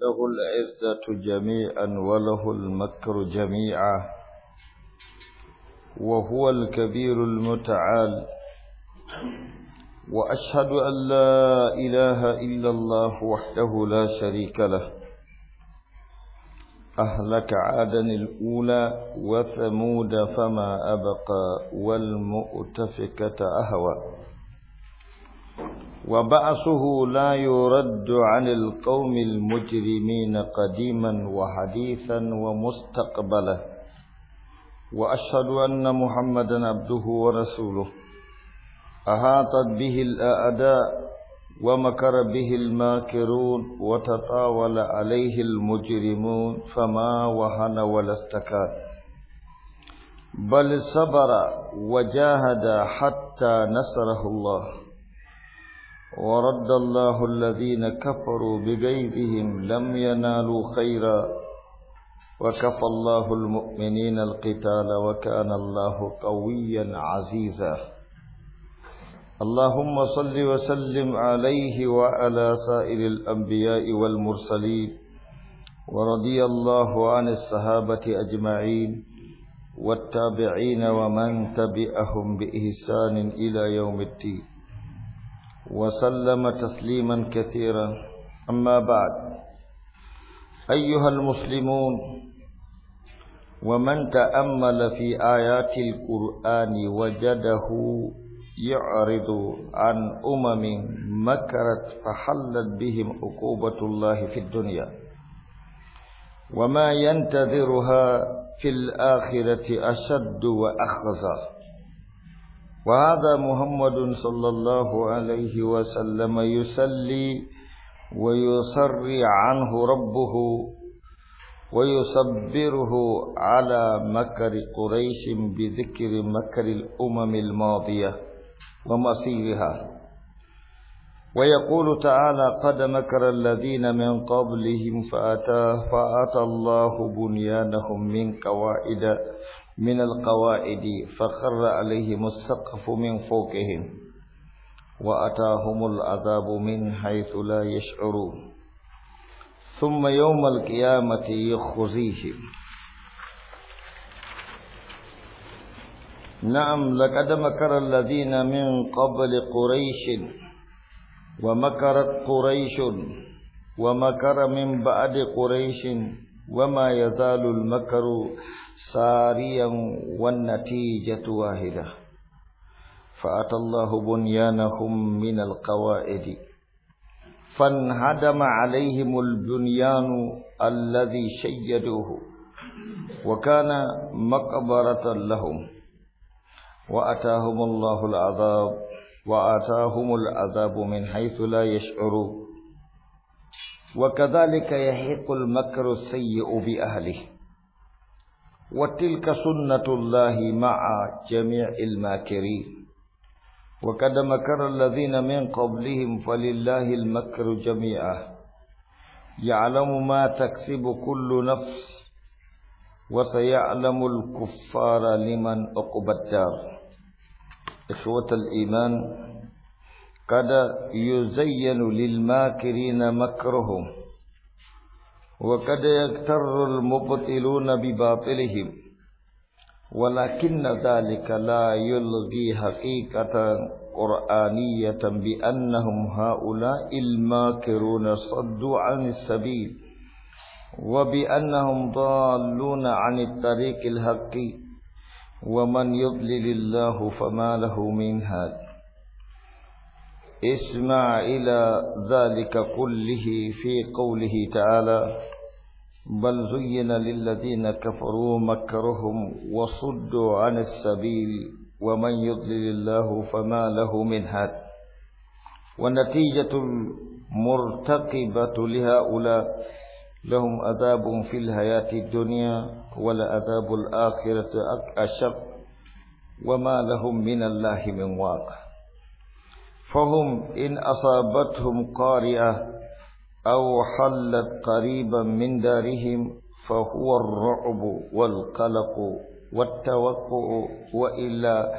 له العزة جميعا وله المكر جميعا وهو الكبير المتعال وأشهد أن لا إله إلا الله وحده لا شريك له أهلك عادا الأولى وثمود فما أبقى والمؤتفكة أهوى وبعثه لا يرد عن القوم المجرمين قديما وحديثا ومستقبلا وأشهد أن محمدا عبده ورسوله أحاطت به الأعداء ومكر به الماكرون وتطاول عليه المجرمون فما وهن ولا استكان بل صبر وجاهد حتى نصره الله ورد الله الذين كفروا بغيظهم لم ينالوا خيرا وكفى الله المؤمنين القتال وكان الله قويا عزيزا اللهم صل وسلم عليه وعلى سائر الأنبياء والمرسلين ورضي الله عن الصحابة أجمعين والتابعين ومن تبعهم بإحسان إلى يوم الدين وسلم تسليما كثيرا أما بعد أيها المسلمون ومن تأمل في آيات القرآن وجده يعرض عن أمم مكرت فحلت بهم عقوبة الله في الدنيا وما ينتظرها في الآخرة أشد وأخزر وهذا محمد صلى الله عليه وسلم يسلي ويصري عنه ربه ويصبره على مكر قريش بذكر مكر الأمم الماضية ومصيرها ويقول تعالى قد مكر الذين من قبلهم فأتى فأتى الله بنيانهم من قواعد من القواعد فخر عليهم السقف من فوقهم وأتاهم العذاب من حيث لا يشعرون ثم يوم القيامة يخزيهم نعم لقد مكر الذين من قبل قريش ومكرت قريش ومكر من بعد قريش وما يزال المكر ساريا والنتيجة واحدة فأتى الله بنيانهم من القواعد فانهدم عليهم البنيان الذي شيدوه وكان مقبرة لهم وأتاهم الله العذاب وآتاهم العذاب من حيث لا يشعروا وكذلك يحيق المكر السيء بأهله وتلك سنة الله مع جميع الماكرين وقد مكر الذين من قبلهم فلله المكر جميعا يعلم ما تكسب كل نفس وسيعلم الكفار لمن أقبى الدار إخوة الإيمان قد يزين للماكرين مكرهم وقد يكتر المبطلون بباطلهم ولكن ذلك لا يلغي حقيقة قرآنية بأنهم هؤلاء الماكرون صدوا عن السبيل وبأنهم ضالون عن الطريق الحقيقي ومن يضلل الله فما له من هاد اسمع إلى ذلك كله في قوله تعالى بل زين للذين كفروا مكرهم وصدوا عن السبيل ومن يضلل الله فما له من هاد والنتيجة المرتقبة لهؤلاء لهم عذاب في الحياة الدنيا ولعذاب الآخرة أشق وما لهم من الله من واق فهم إن أصابتهم قارئة أو حلت قريبا من دارهم فهو الرعب والقلق والتوقع وإلا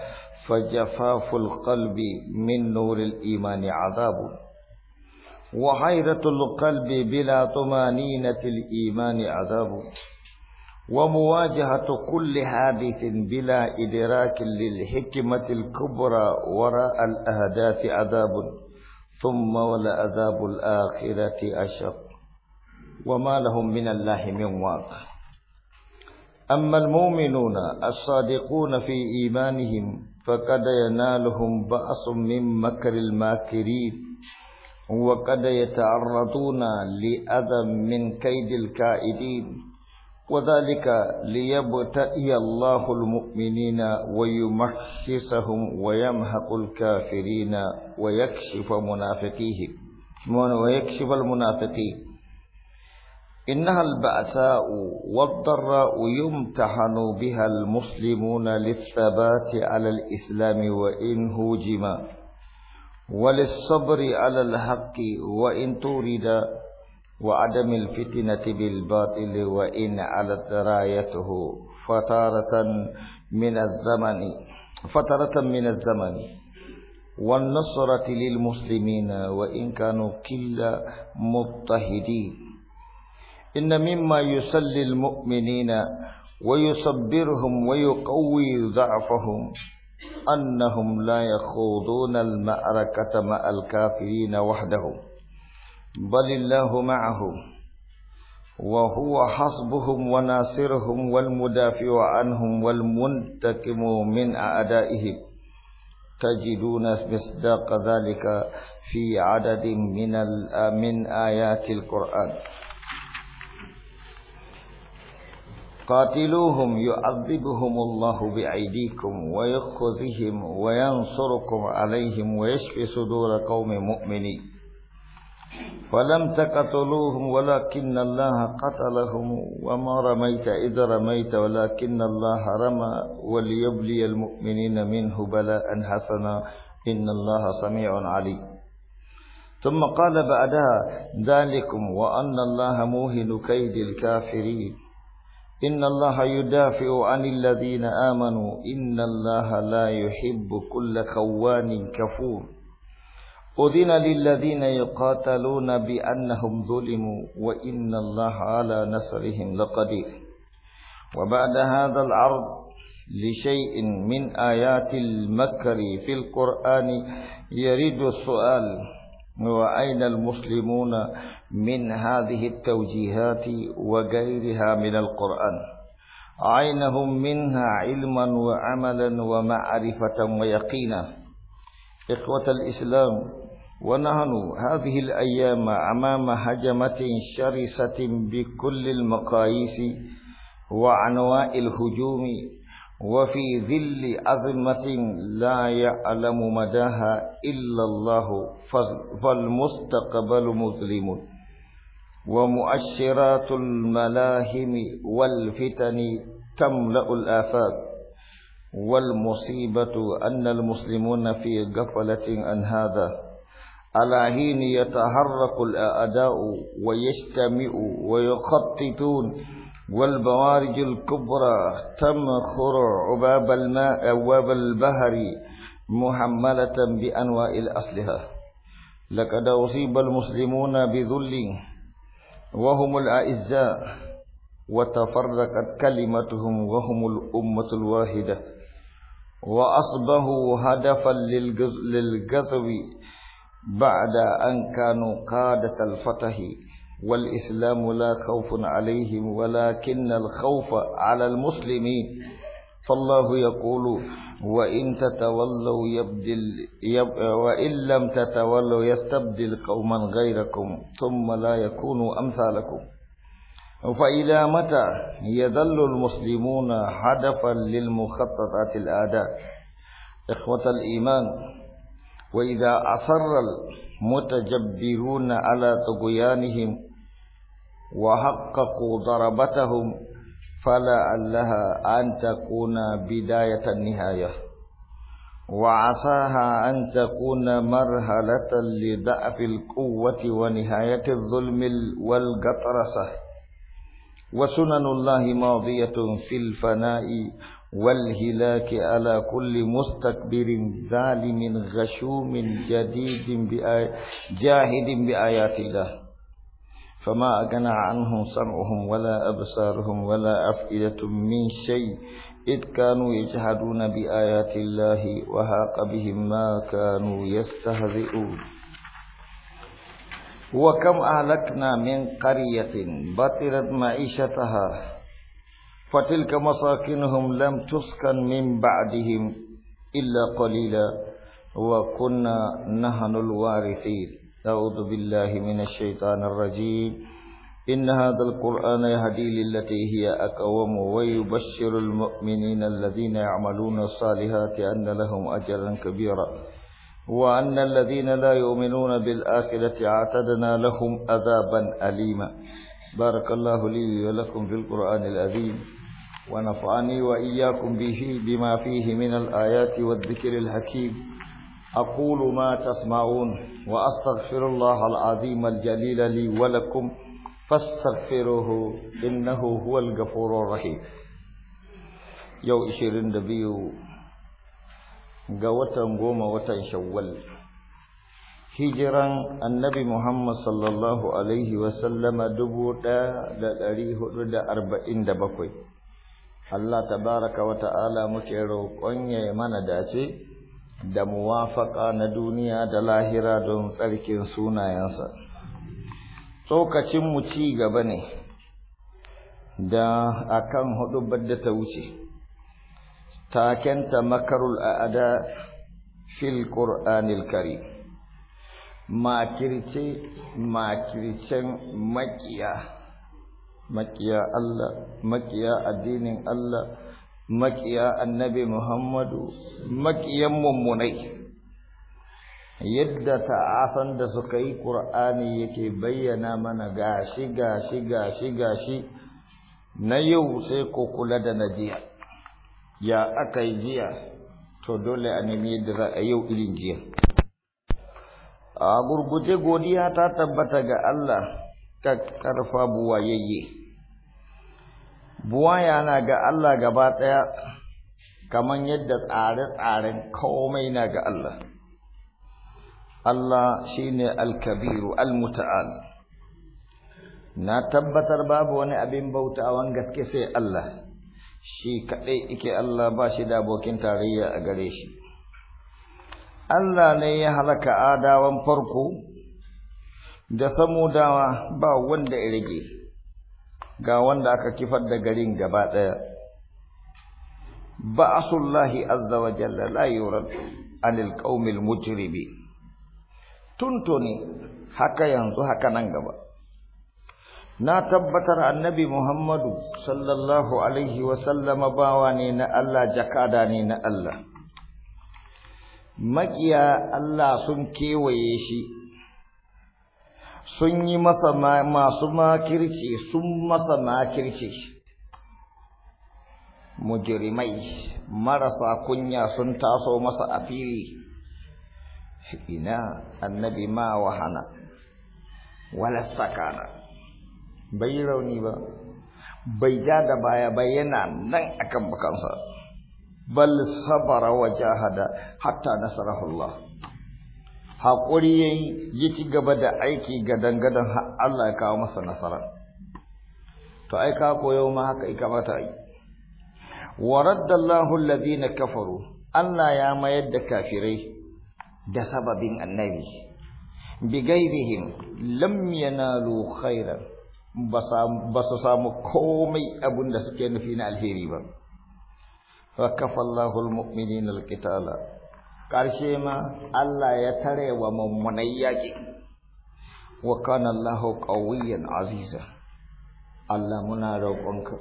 فجفاف القلب من نور الإيمان عذاب وحيرة القلب بلا طمانينة الإيمان عذاب ومواجهة كل حادث بلا إدراك للحكمة الكبرى وراء الأهداف عذاب ثم ولعذاب الآخرة أشق وما لهم من الله من واقع أما المؤمنون الصادقون في إيمانهم فقد ينالهم بأس من مكر الماكرين وقد يتعرضون لأذى من كيد الكائدين وذلك ليبتئي الله المؤمنين ويمحسهم ويمحق الكافرين ويكشف منافقيهم ويكشف المنافقين إنها البأساء والضراء يمتحن بها المسلمون للثبات على الإسلام وإن هوجما وللصبر على الحق وإن تورد وعدم الفتنة بالباطل وإن علت رايته فترة من الزمن فترة من الزمن والنصرة للمسلمين وإن كانوا كلا مضطهدين إن مما يسلي المؤمنين ويصبرهم ويقوي ضعفهم أنهم لا يخوضون المعركة مع الكافرين وحدهم بل الله معهم وهو حسبهم وناصرهم والمدافع عنهم والمنتقم من أعدائهم تجدون مصداق ذلك في عدد من من آيات القرآن قاتلوهم يعذبهم الله بأيديكم ويخذهم وينصركم عليهم ويشفي صدور قوم مؤمنين فلم تقتلوهم ولكن الله قتلهم وما رميت إذا رميت ولكن الله رمى وليبلي المؤمنين منه بلاء حسنا إن الله سميع عليم ثم قال بعدها ذلكم وأن الله موهن كيد الكافرين إن الله يدافع عن الذين آمنوا إن الله لا يحب كل خوان كفور أذن للذين يقاتلون بأنهم ظلموا وإن الله على نصرهم لقدير وبعد هذا العرض لشيء من آيات المكر في القرآن يرد السؤال وأين المسلمون من هذه التوجيهات وغيرها من القرآن عينهم منها علما وعملا ومعرفة ويقينا إخوة الإسلام ونحن هذه الأيام أمام هجمة شرسة بكل المقاييس وعنواء الهجوم وفي ظل أزمة لا يعلم مداها إلا الله فالمستقبل مظلم ومؤشرات الملاهم والفتن تملأ الآفاق والمصيبة أن المسلمون في قفلة عن هذا على حين يتحرك الأعداء ويجتمع ويخططون والبوارج الكبرى تمخر عباب الماء أبواب البحر محملة بأنواع الأسلحة لقد أصيب المسلمون بذل وهم الأعزاء وتفرقت كلمتهم وهم الأمة الواحدة وأصبحوا هدفا للغزو بعد أن كانوا قادة الفتح والإسلام لا خوف عليهم ولكن الخوف على المسلمين فالله يقول وإن تتولوا يبدل يب وإن لم تتولوا يستبدل قوما غيركم ثم لا يكونوا أمثالكم فإلى متى يذل المسلمون هدفا للمخططات الأعداء إخوة الإيمان وإذا أصر المتجبرون على طغيانهم وحققوا ضربتهم فلعلها أن تكون بداية النهاية وعساها أن تكون مرحلة لضعف القوة ونهاية الظلم والقطرسة وسنن الله ماضية في الفناء والهلاك على كل مستكبر ظالم غشوم جديد بآي جاهد بآيات الله فما أغنى عنهم سمعهم ولا أبصارهم ولا أفئدة من شيء إذ كانوا يجحدون بآيات الله وهاق بهم ما كانوا يستهزئون وكم أهلكنا من قرية بطرت معيشتها فتلك مساكنهم لم تسكن من بعدهم إلا قليلا وكنا نحن الوارثين أعوذ بالله من الشيطان الرجيم إن هذا القرآن يهدي للتي هي أقوم ويبشر المؤمنين الذين يعملون الصالحات أن لهم أجرا كبيرا وأن الذين لا يؤمنون بالآخرة اعتدنا لهم عذابا أليما بارك الله لي ولكم في القرآن العظيم ونفعني وإياكم به بما فيه من الآيات والذكر الحكيم أقول ما تسمعون وأستغفر الله العظيم الجليل لي ولكم فاستغفروه إنه هو الغفور الرحيم يو إشيرين دبيو قوتا قوما وتا شوال هجرا النبي محمد صلى الله عليه وسلم دبوتا لأريه دا أربعين دبقوي Allah tabaraka wa ta'ala muke roƙon ya mana dace da muwafaka na duniya da lahira don tsarkin sunayensa mu ci gaba ne da akan hudu da ta wuce takenta makarul a'ada fil qur'anil kari. makirce makircen makiya makiya Allah makiya addinin Allah makiya annabi Muhammadu makiyan mummunai yadda ta'asan da suka yi Qur'ani yake bayyana mana gashi gashi gashi gashi na yau sai ko kula da najiya ya aka jiya to dole a nemi yadda za a yau irin jiya a gurguje godiya ta tabbata ga Allah ka karfa buwayayye buwaya na ga Allah gaba ɗaya kamar yadda tsare-tsaren komai na ga Allah Allah shi ne Alkabiru al na tabbatar babu wani abin bautawan gaske sai Allah shi kaɗai ike Allah ba shi da abokin tarayya a gare shi Allah ne ya halaka adawan farko da dawa ba wanda ya rage ga wanda aka kifar da garin gaba ɗaya ba'asullahi azza wa jalla la yurad anil qaumil mujrimi tuntuni haka yanzu haka nan gaba na tabbatar annabi Muhammadu sallallahu alaihi wa sallama bawa ne na Allah jakada ne na Allah Maƙiya Allah sun kewaye shi sun yi masa masu makirci sun masa makirci mujirimai marasa kunya sun taso masa a fili ina annabi ma wahana wala sakana bai rauni ba bai ja da baya ba yana nan akan bakansa bal sabara wa jahada hatta nasarahullah haƙuri ya yi ya ci gaba da aiki gadan gadon Allah ya kawo masa nasara to ai ka koyo ma haka ya kamata yi wa raddallahu na kafaru Allah ya mayar da kafirai da sababin annabi bigairihim lam yanalu khairan ba su samu komai abin da suke nufi na alheri ba wa kafa Allahul mu'minina ƙarshe ma Allah ya tare wa mummunai yaƙi wa kana Allahu qawiyyan aziza Allah muna roƙonka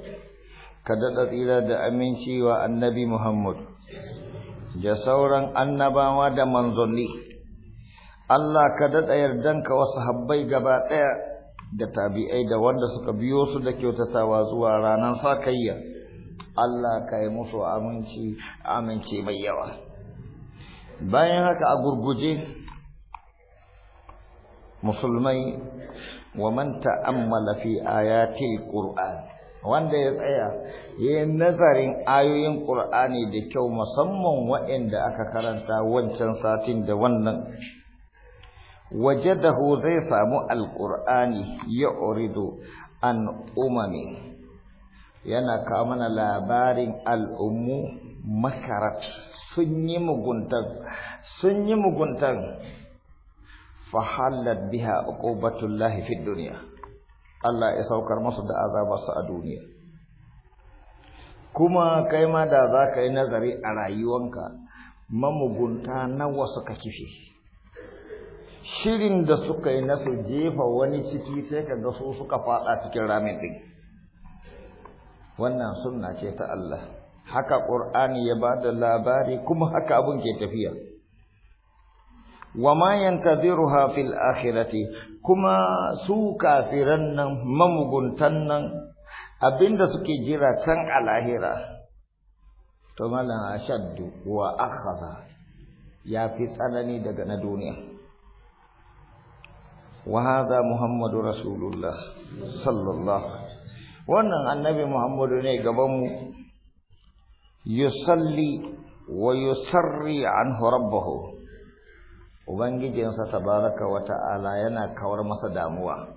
ka daɗa tsira da aminci wa annabi Muhammad da sauran annabawa da manzanni Allah ka daɗa yardanka wa sahabbai gaba ɗaya da tabi'ai da wanda suka biyo su da kyautatawa zuwa ranar sakayya Allah ka yi musu aminci aminci mai yawa bayan haka a gurguje musulmai wa man ta'ammala fi ayati qur'an wanda ya tsaya yayin nazarin ayoyin qur'ani da kyau musamman waɗanda aka karanta wancan satin da wannan wajadahu zai samu alqur'ani yuridu an umami yana kawo mana labarin al'ummu makarat sun yi muguntar sun yi muguntan fahallat biha uqubatullahi fid dunya Allah ya saukar musu da azabarsa a duniya kuma kai ma da za ka yi nazari a rayuwanka mamugunta nawa suka kife shirin da suka yi na jefa wani ciki sai ka ga su suka fada cikin ramin ɗin, wannan sunna ce ta Allah haka qur'ani ya bada labari kuma haka abun ke tafiya wama yantaziruha fil akhirati kuma su kafiran nan mamuguntan nan abinda suke jira can a lahira to malan ashaddu wa akhadha ya fi tsanani daga na duniya wa hadha muhammadu rasulullah sallallahu wannan annabi muhammadu ne gaban mu yusalli wa yusarri anhu rabbahu ubangijinsa tabaraka wa ta'ala yana kawar masa damuwa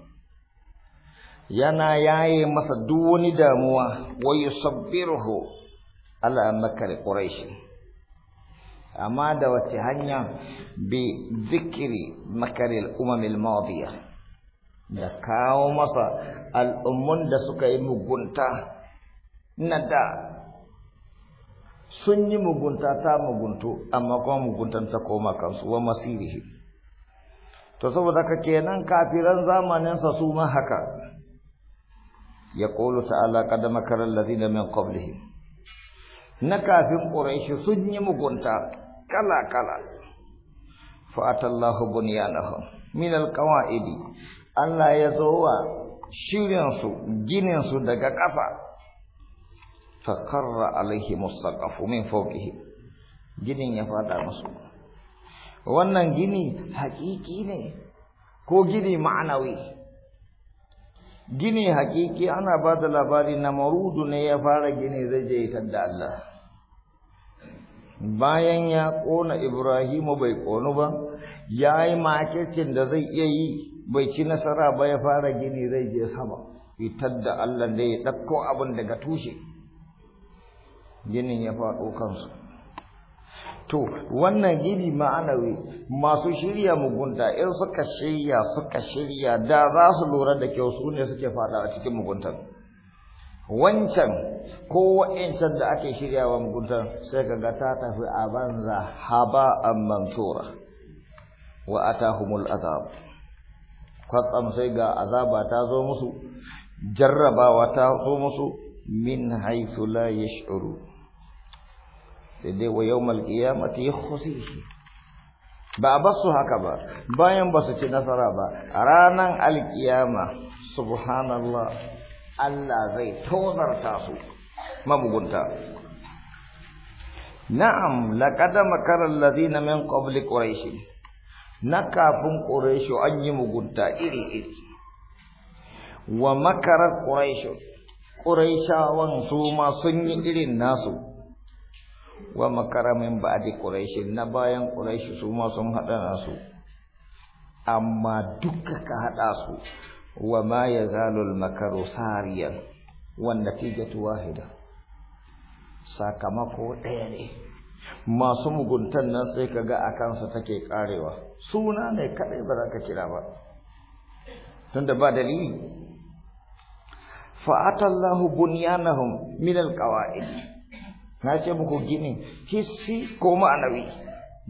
yana yaye masa duk wani damuwa wa yusabbiruhu ala makar quraish amma da wace hanya bi zikri makaril umamil madiya da kawo masa al'ummun da suka yi mugunta na da sun yi mugunta ta mugunto amma kuma muguntan ta koma kansu wa masirihi to saboda ka kenan kafiran zamanin sa su ma haka yaqulu ta'ala qad makara alladhina min qablihim na kafin quraish sun yi mugunta kala kala fa atallahu bunyanahum min alqawaidi Allah ya zo wa shirin su ginin su daga kafa fakarra alaihi mustaqafu min fawqihi ginin ya pada musu wannan gini hakiki ne ko gini ma'anawi gini hakiki ana bada labari na marudu ne ya fara gini zai je da Allah bayan ya ƙona Ibrahimu bai konu ba ya yayi makircin da zai iya yi bai ci nasara ba ya fara gini zai je sama fitar da Allah da ya ɗakko abin daga tushe ginin ya faɗo kansu to wannan gini ma'anawi masu shirya mugunta in suka shirya suka shirya da za su lura da kyau su ne suke faɗa a cikin muguntar wancan ko wa'incan da ake shirya wa muguntar sai ka ga ta tafi a banza haba a mantura. wa atahumul azab kwatsam sai ga azaba ta zo musu jarrabawa ta zo musu min haifula ya yash'uru sai dai wa yawmal qiyamati yukhzihi ba a basu haka ba bayan ba su ci nasara ba a ranar alkiyama subhanallah Allah zai tozarta su mabugunta na'am laqad makara alladhina min qabli quraish na kafin quraish an yi mugunta iri iri wa makara quraish quraishawan su ma sun yi irin nasu wa makara min ba'di quraish na bayan quraish su ma sun hada nasu amma duka ka hada su wa ma yazalul makaru sariyan wa natijatu wahida sakamako ɗaya ne masu muguntan nan sai kaga a kansa take karewa suna ne kadai ba za ka kira ba tunda ba dalili fa atallahu bunyanahum min alqawaid na ce muku gini hissi ko ma'anawi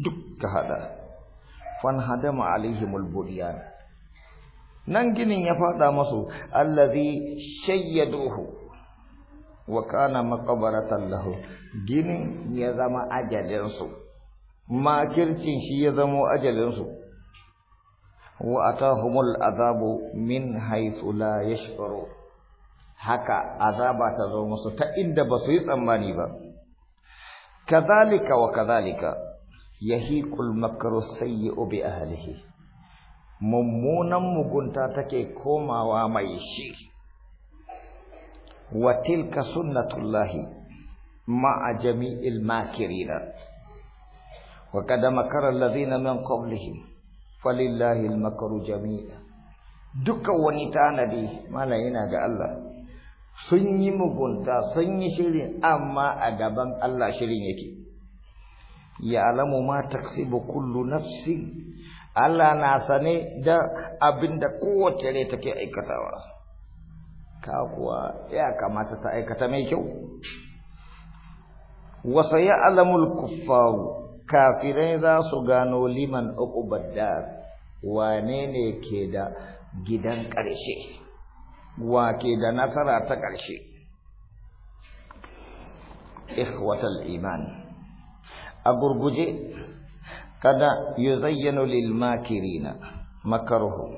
duk ka hada fan hadama alaihimul bunyan nan ginin ya fada masu allazi shayyaduhu wa kana maqbaratan lahu ginin ya zama ajalensu, makircin shi ya zama ajalin su wa atahumul azabu min haythu la yashkuru haka azaba ta zo musu ta inda ba su yi tsammani ba كذلك وكذلك يهيك المكر السيء بأهله ممونا مقنتا تكي كوما وامايشي وتلك سنة الله مع جميع الماكرين وقد مكر الذين من قبلهم فلله المكر جميعا دك ونتانا دي ما لا ينا الله sun yi mugunta sun yi shirin amma a gaban Allah shirin yake ya alamu ma taksibu kullu nafsi Allah na sane da abinda kowace rai take aikatawa ka kuwa ya kamata ta aikata mai kyau wa sayalamu al-kuffar kafirai za su gano liman uqubad dar wane ne ke da gidan ƙarshe wake da nasara ta ƙarshe ikhwatal iman a gurguje kada yuzayyanu lil makirina makaruhu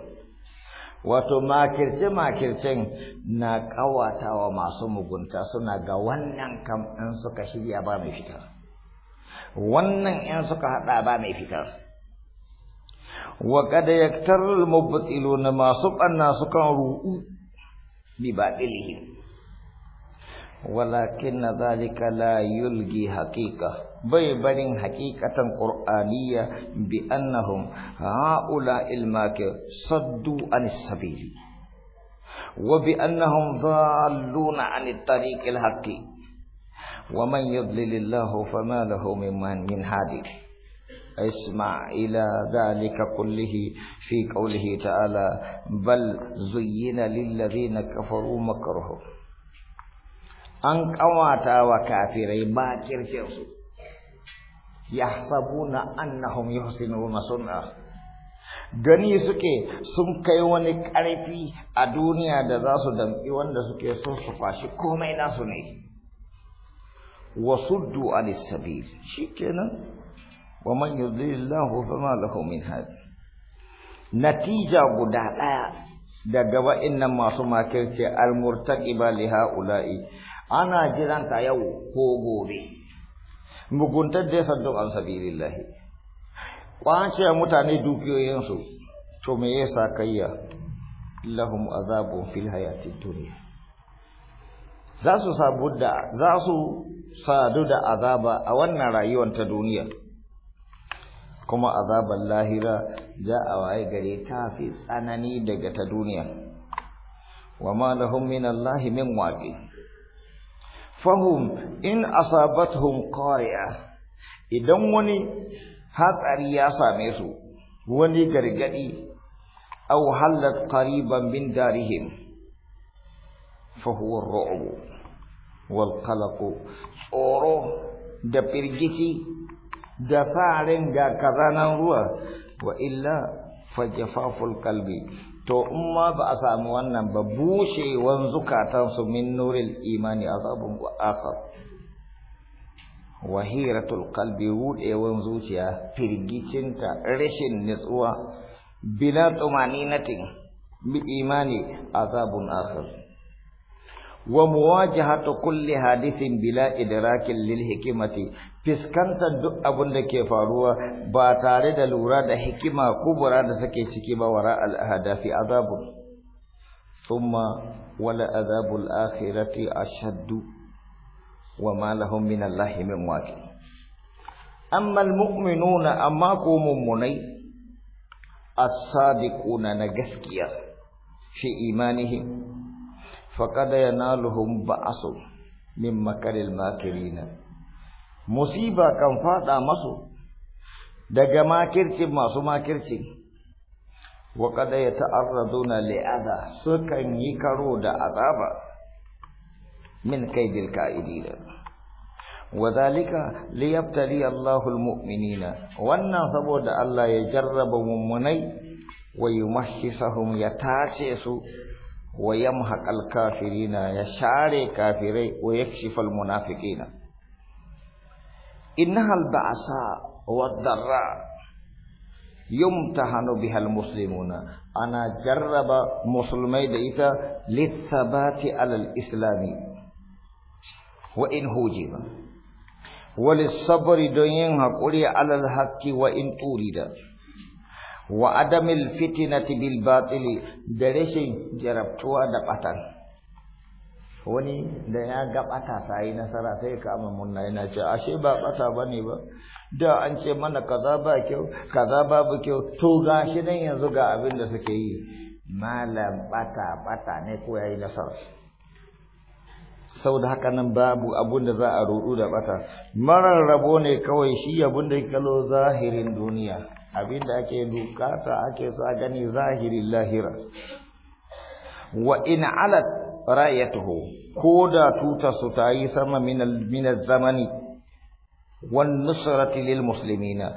wato makirce makircen na ƙawatawa masu mugunta suna ga wannan kam in suka shirya ba mai fitar wannan in suka haɗa ba mai fitar wa kada yaktarul na masu ɓanna sukan ru'u بباطلهم ولكن ذلك لا يلغي حقيقه بي بين حقيقه قرانيه بانهم هؤلاء الماك صدوا عن السبيل وبانهم ضالون عن الطريق الحق ومن يضلل الله فما له من من هادئ اسمع إلى ذلك كله في قوله تعالى بل زين للذين كفروا مكرهم أن قواتا وكافري باكر جرسو يحسبون أنهم يحسنون صنعا gani suke sun kai wani ƙarfi a duniya da za su damƙi wanda suke son su fashi komai nasu ne wasuddu anis shi kenan. Wa ومن يضلل الله فما له من هادي نتيجة بدعاء daga wa'annan masu makirce almurtaqiba li haula'i ana jiran ka yau ko gobe muguntar da saddu an sabilillah kwace mutane dukiyoyin su to me yasa kayya lahum azabun fil hayatid dunya za su sabu da za sadu da azaba a wannan rayuwar ta duniya kuma azabar lahira za a waye gare ta fi tsanani daga ta duniya wa ma lahum min allahi min waqi fahum in asabatuhum qari'a idan wani hatsari ya same su wani gargadi aw halat qariban min darihim fa huwa ar-ru'b wal qalaq tsoro da firgici da sa ga kazanan ruwa wa illa fajafaful kalbi to in ma ba a samu wannan ba bushewan zukatansu min nuril imani azabun akhar wahiratul kalbi rudewan zuciya firgicinta rashin nutsuwa bila tumaninatin bi imani azabun akhar kulli hadithin bila idrakin lil hikmati fiskantar duk abin da ke faruwa ba tare da lura da hikima kubura da take ciki ba wara al fi azabun thumma wala azabul akhirati ashaddu wa ma lahum min allahi min waqi amma al-mu'minuna amma ko mummunai as-sadiquna na gaskiya fi imanihim faqad yanaluhum ba'su min makaril makirina musiba kan fada masu daga makircin masu makirci wa kada ya ta'arraduna li'adha sukan yi karo da azaba min kaidil ka'idina wa zalika liyabtali Allahu almu'minina wannan saboda Allah ya jarraba mu'minai wa yumahhisahum ya su wa yamhaqal kafirina ya share kafirai wa yakshifal munafiqina إنها البعثاء والضراء يمتحن بها المسلمون أنا جرب مسلمي ديتا للثبات على الإسلام وإن هجم وللصبر دين هقولي على الحق وإن طولد وعدم الفتنة بالباطل درش جربتها دقة wani da ya ga bata yi nasara sai ka amma munna yana ce ashe ba bata bane ba da an ce mana kaza ba kyau kaza babu kyau to gashi nan yanzu ga abin da suke yi malam bata bata ne ko yayi nasara saboda haka nan babu abun da za a rudu da bata marar rabo ne kawai shi abun da kalo zahirin duniya abin da ake dukata ake sa gani zahirin lahira wa in alat ra'ayatuhu ko da tuta su ta yi sama min zamani wan nusrati lil muslimina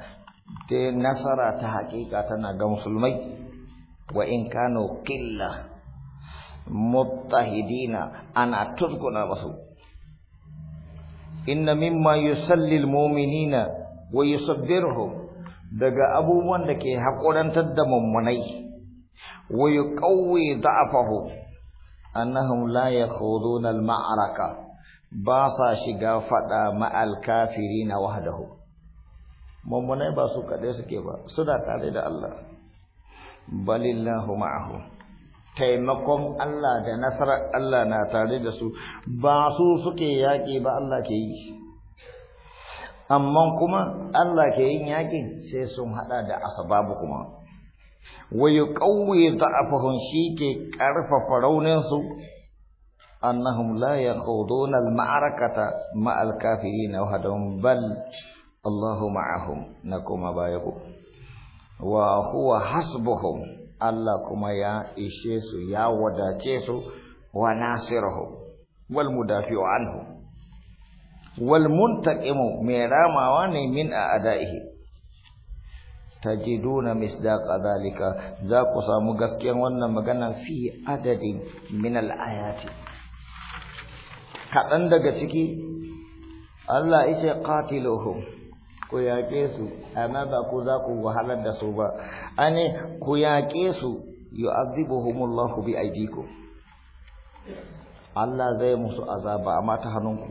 te nasara ta haƙiƙa tana ga musulmai wa in kanu qilla muttahidina ana tuzkuna basu inna mimma yusalli al mu'minina wa yusabbiruhum daga abubuwan da ke haƙurantar da mummunai wa yuqawwi da'afahu annahum la yakhuduna al-ma'raka ba sa shiga fada ma'al kafirina wahdahu mummunai ba su kadai suke ba suna tare da Allah balillahu ma'ahu taimakon Allah da nasarar Allah na tare da su ba su suke yaƙi ba Allah ke yi amma kuma Allah ke yin yaƙin sai sun hada da asbabu kuma wa yuqawwi da'afahum shi ke karfafa rauninsu annahum la yakhuduna al-ma'arakata ma'al kafirin wahadahum bal Allahu ma'ahum nakuma bayaku wa huwa hasbuhum Allah kuma ya ishe su ya wadace su wa nasiruhum wal mudafi'u anhum wal muntaqimu mai ramawa ne min a adaihi tajiduna misdaq adalika za ku samu gaskiyar wannan magana fi adadin min al-ayati kaɗan daga ciki Allah yace qatiluhu ku yaƙe su amma ba ku za ku wahalar da su ba ane ku yaƙe su yu'adhibuhumullahu bi aydikum Allah zai musu azaba amma ta hannunku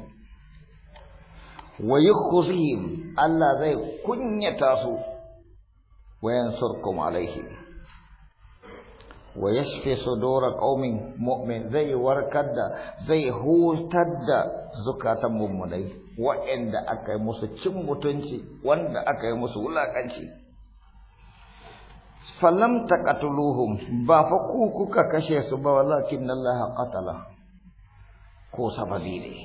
wa yukhzihim Allah zai kunyata su وينصركم عليه ويشفي صدور قوم مؤمن زي وركد زي هوتد زكاة مؤمني وإن أكي مسو چم متنشي وإن أكي مسو ولاكنشي فلم تقتلوهم بافقوكك كشيس ولكن الله قتله كو سبليلي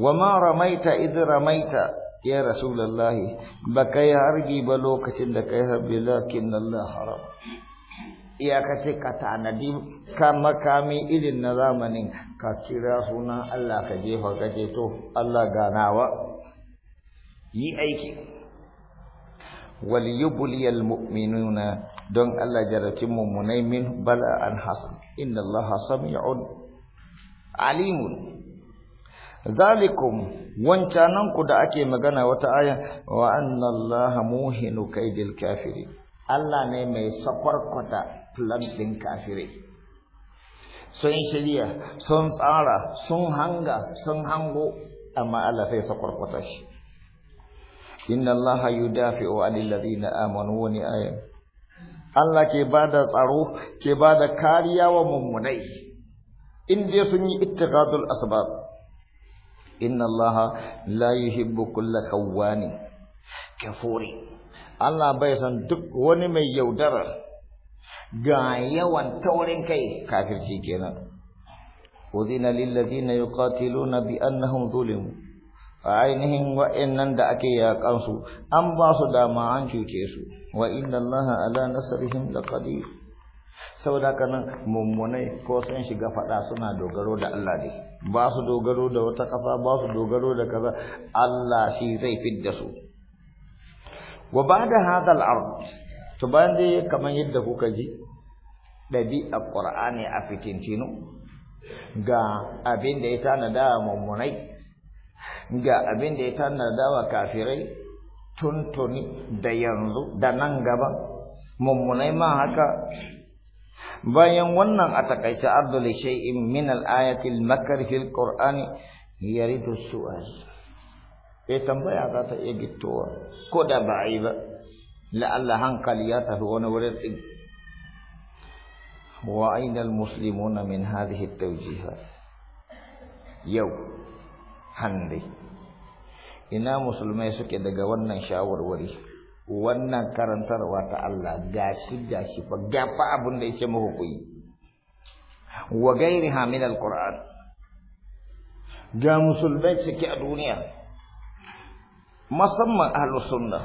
وما رميت إذ رميت ya rasulullahi baka ya harbi ba lokacin da kai harbi lakin Allah haram ya iyakace ka tanadi ka makami irin na zamanin ka kira sunan Allah ka jefa ka ce to Allah ganawa yi aiki wal yubliyal mu'minuna don Allah jaratin mummunai min bala an hasan inna Allah sami'un alimun zalikum wancanan ku da ake magana wata aya wa anna muhinu kaidil kafiri Allah ne mai sakwarkwata plan din kafirai sun shirya sun tsara sun hanga sun hango amma Allah sai sakwarkwata shi inna yudafi'u 'anil ladina amanu wa Allah ke bada tsaro ke bada kariya wa mummunai in dai sun yi ittiqadul asbab inna Allah la yuhibbu kulla khawani kafuri Allah bai san duk wani mai yaudara ga yawan taurin kai kafirci kenan udhina lil ladina yuqatiluna bi annahum zulimu ainihin wa'annan da ake yakan su an ba su dama an cuce su wa inna Allah ala nasrihim laqadir saboda da nan mummunai ko sun shiga faɗa suna dogaro da Allah ne ba su dogaro da wata ƙasa ba su dogaro da kaza Allah shi zai fidda su wa ba'da hadha al-ard to bayan dai kamar yadda kuka ji a Qur'ani a fitintino ga abin da ya tanada mummunai ga abin da ya tanada wa kafirai tuntuni da yanzu da nan gaba mummunai ma haka bayan wannan a takaice ardul shay'in min al-ayati al-makr fil qur'ani yaridu su'al eh tambaya za ta iya gittowa ko da ba yi ba la'alla hankali ya tafi wani wurin din wa aina al-muslimuna min hadhihi at-tawjihat yau hande ina musulmai suke daga wannan shawarwari wannan karantarwa ta Allah gashi gashi fa gafa abin da yake muku wa gairiha min alquran ga musulmai suke a duniya musamman ahlu sunna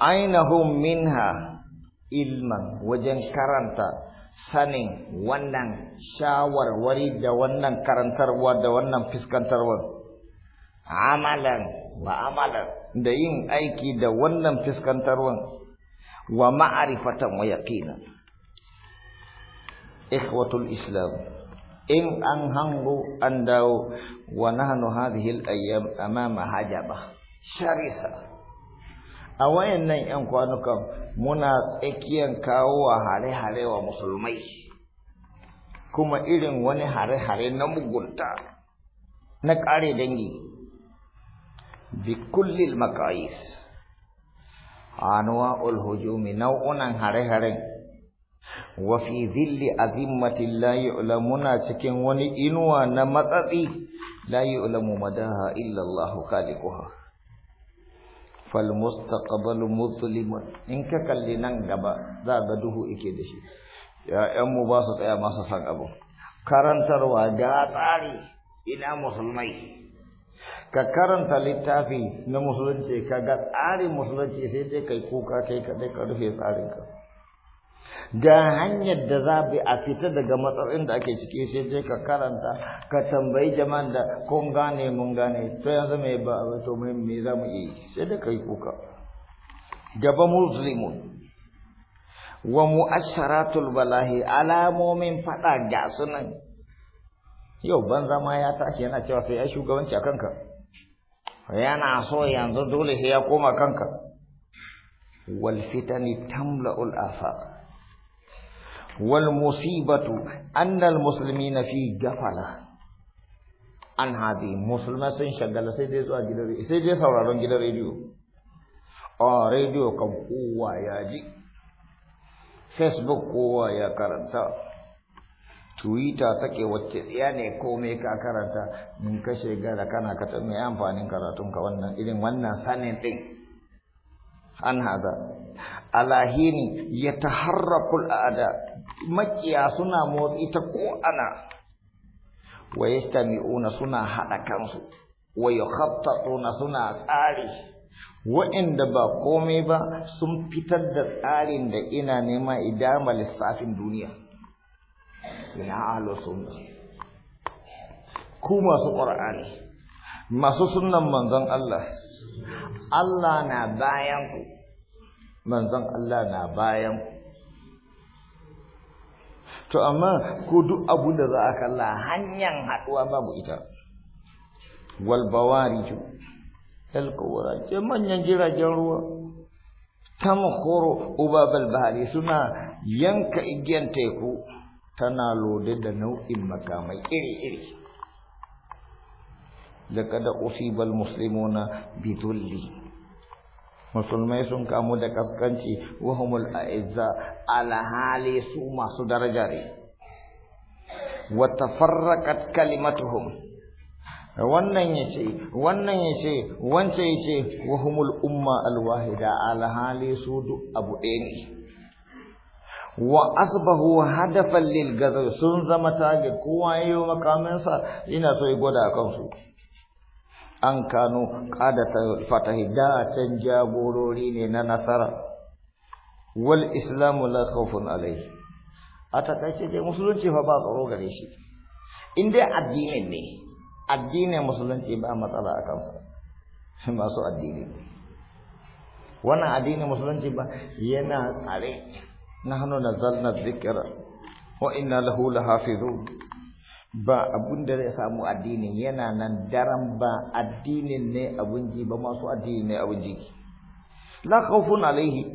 ainahum minha ilman wajen karanta sanin wannan shawarwari da wannan karantarwa da wannan fiskantarwa amalan wa amalan da yin aiki da wannan fiskantarwan wa ma'arifatan wa yaqinan ikhwatul islam in an hango an dawo wa nahnu hadhihi al-ayyam amama hajaba sharisa a wayannan yan kwanukan muna tsakiyar kawo wa hare-hare wa musulmai kuma irin wani hare-hare na mugunta na ƙare dangi بكل المقاييس عنواء الهجوم نوع هاري هاري وفي ذل أذمة لا يعلمنا سكن وني إنوا نمتطي لا يعلم مداها إلا الله خالقها فالمستقبل مظلم إنك ككل ننقب ذا بدوه إكيدش يا أم باسط يا ماسا سنقبو كارنتر ga إلى ina ka karanta littafi na musulunci ka ga tsarin musulunci sai dai kai kuka kai kadai ka rufe tsarinka da hanyar da za bi a fita daga matsayin da ake ciki sai dai ka karanta ka tambayi jama'an da kun gane mun gane to yanzu mai ba to mai me za mu yi sai dai kai kuka gaba muslimun wa mu'assaratul balahi alamomin fada ga sunan yau banza ma ya tashi yana cewa sai ai shugabanci a kanka yana so yanzu dole sai ya koma kanka wal fitani tamla'ul afaq wal musibatu anna al muslimina fi gafala an hadi musulma sun shagala sai dai zuwa gidan sai dai sauraron gidan radio a radio kan kowa ya ji facebook kowa ya karanta tuwita take wacce ɗaya ne komai ka karanta mun kashe gara kana ka mai amfanin karatun wannan irin wannan sanin ɗin. an hada alahini ya ta taharrakul ada makiya suna motsi ta ko ana wa suna haɗa kansu wa tsona suna tsari wa'inda ba komai ba sun fitar da tsarin da ina nema idama lissafin duniya ya ahlu sunna ku masu qur'ani masu sunnan manzon Allah Allah na bayan ku manzon Allah na bayan ku to amma ko duk abu da za a kalla hanyar haduwa babu ita wal bawariju al qawra ce manyan jiragen ruwa tamkhuru ubabal bahari suna yanka igiyan teku tana lode da nau'in makamai iri-iri da kada usibal Musulmuna bidulli musulmai sun kamu da kaskanci wa humul a'izza ala su masu daraja ne wa tafarraqat kalimatuhum wannan yace wannan yace wancan yace wa humul umma alwahida ala hali su duk abu ɗaya ne wa asbahu hadafan lil gazar sun zama tage kowa yayo makamansa ina so ya gwada kansu an kano qadata fatahi da can jagorori ne na nasara wal islamu la khawfun alayhi a takaice dai musulunci fa ba tsaro gare shi in dai addinin ne addinin musulunci ba matsala a kansa masu addini wannan addinin musulunci ba yana tsare nahnu nazzalna dhikra wa inna lahu lahafizun ba abun da zai samu addinin yana nan daren ba addinin ne abun ji ba masu addini ne abun ji la khawfun alaihi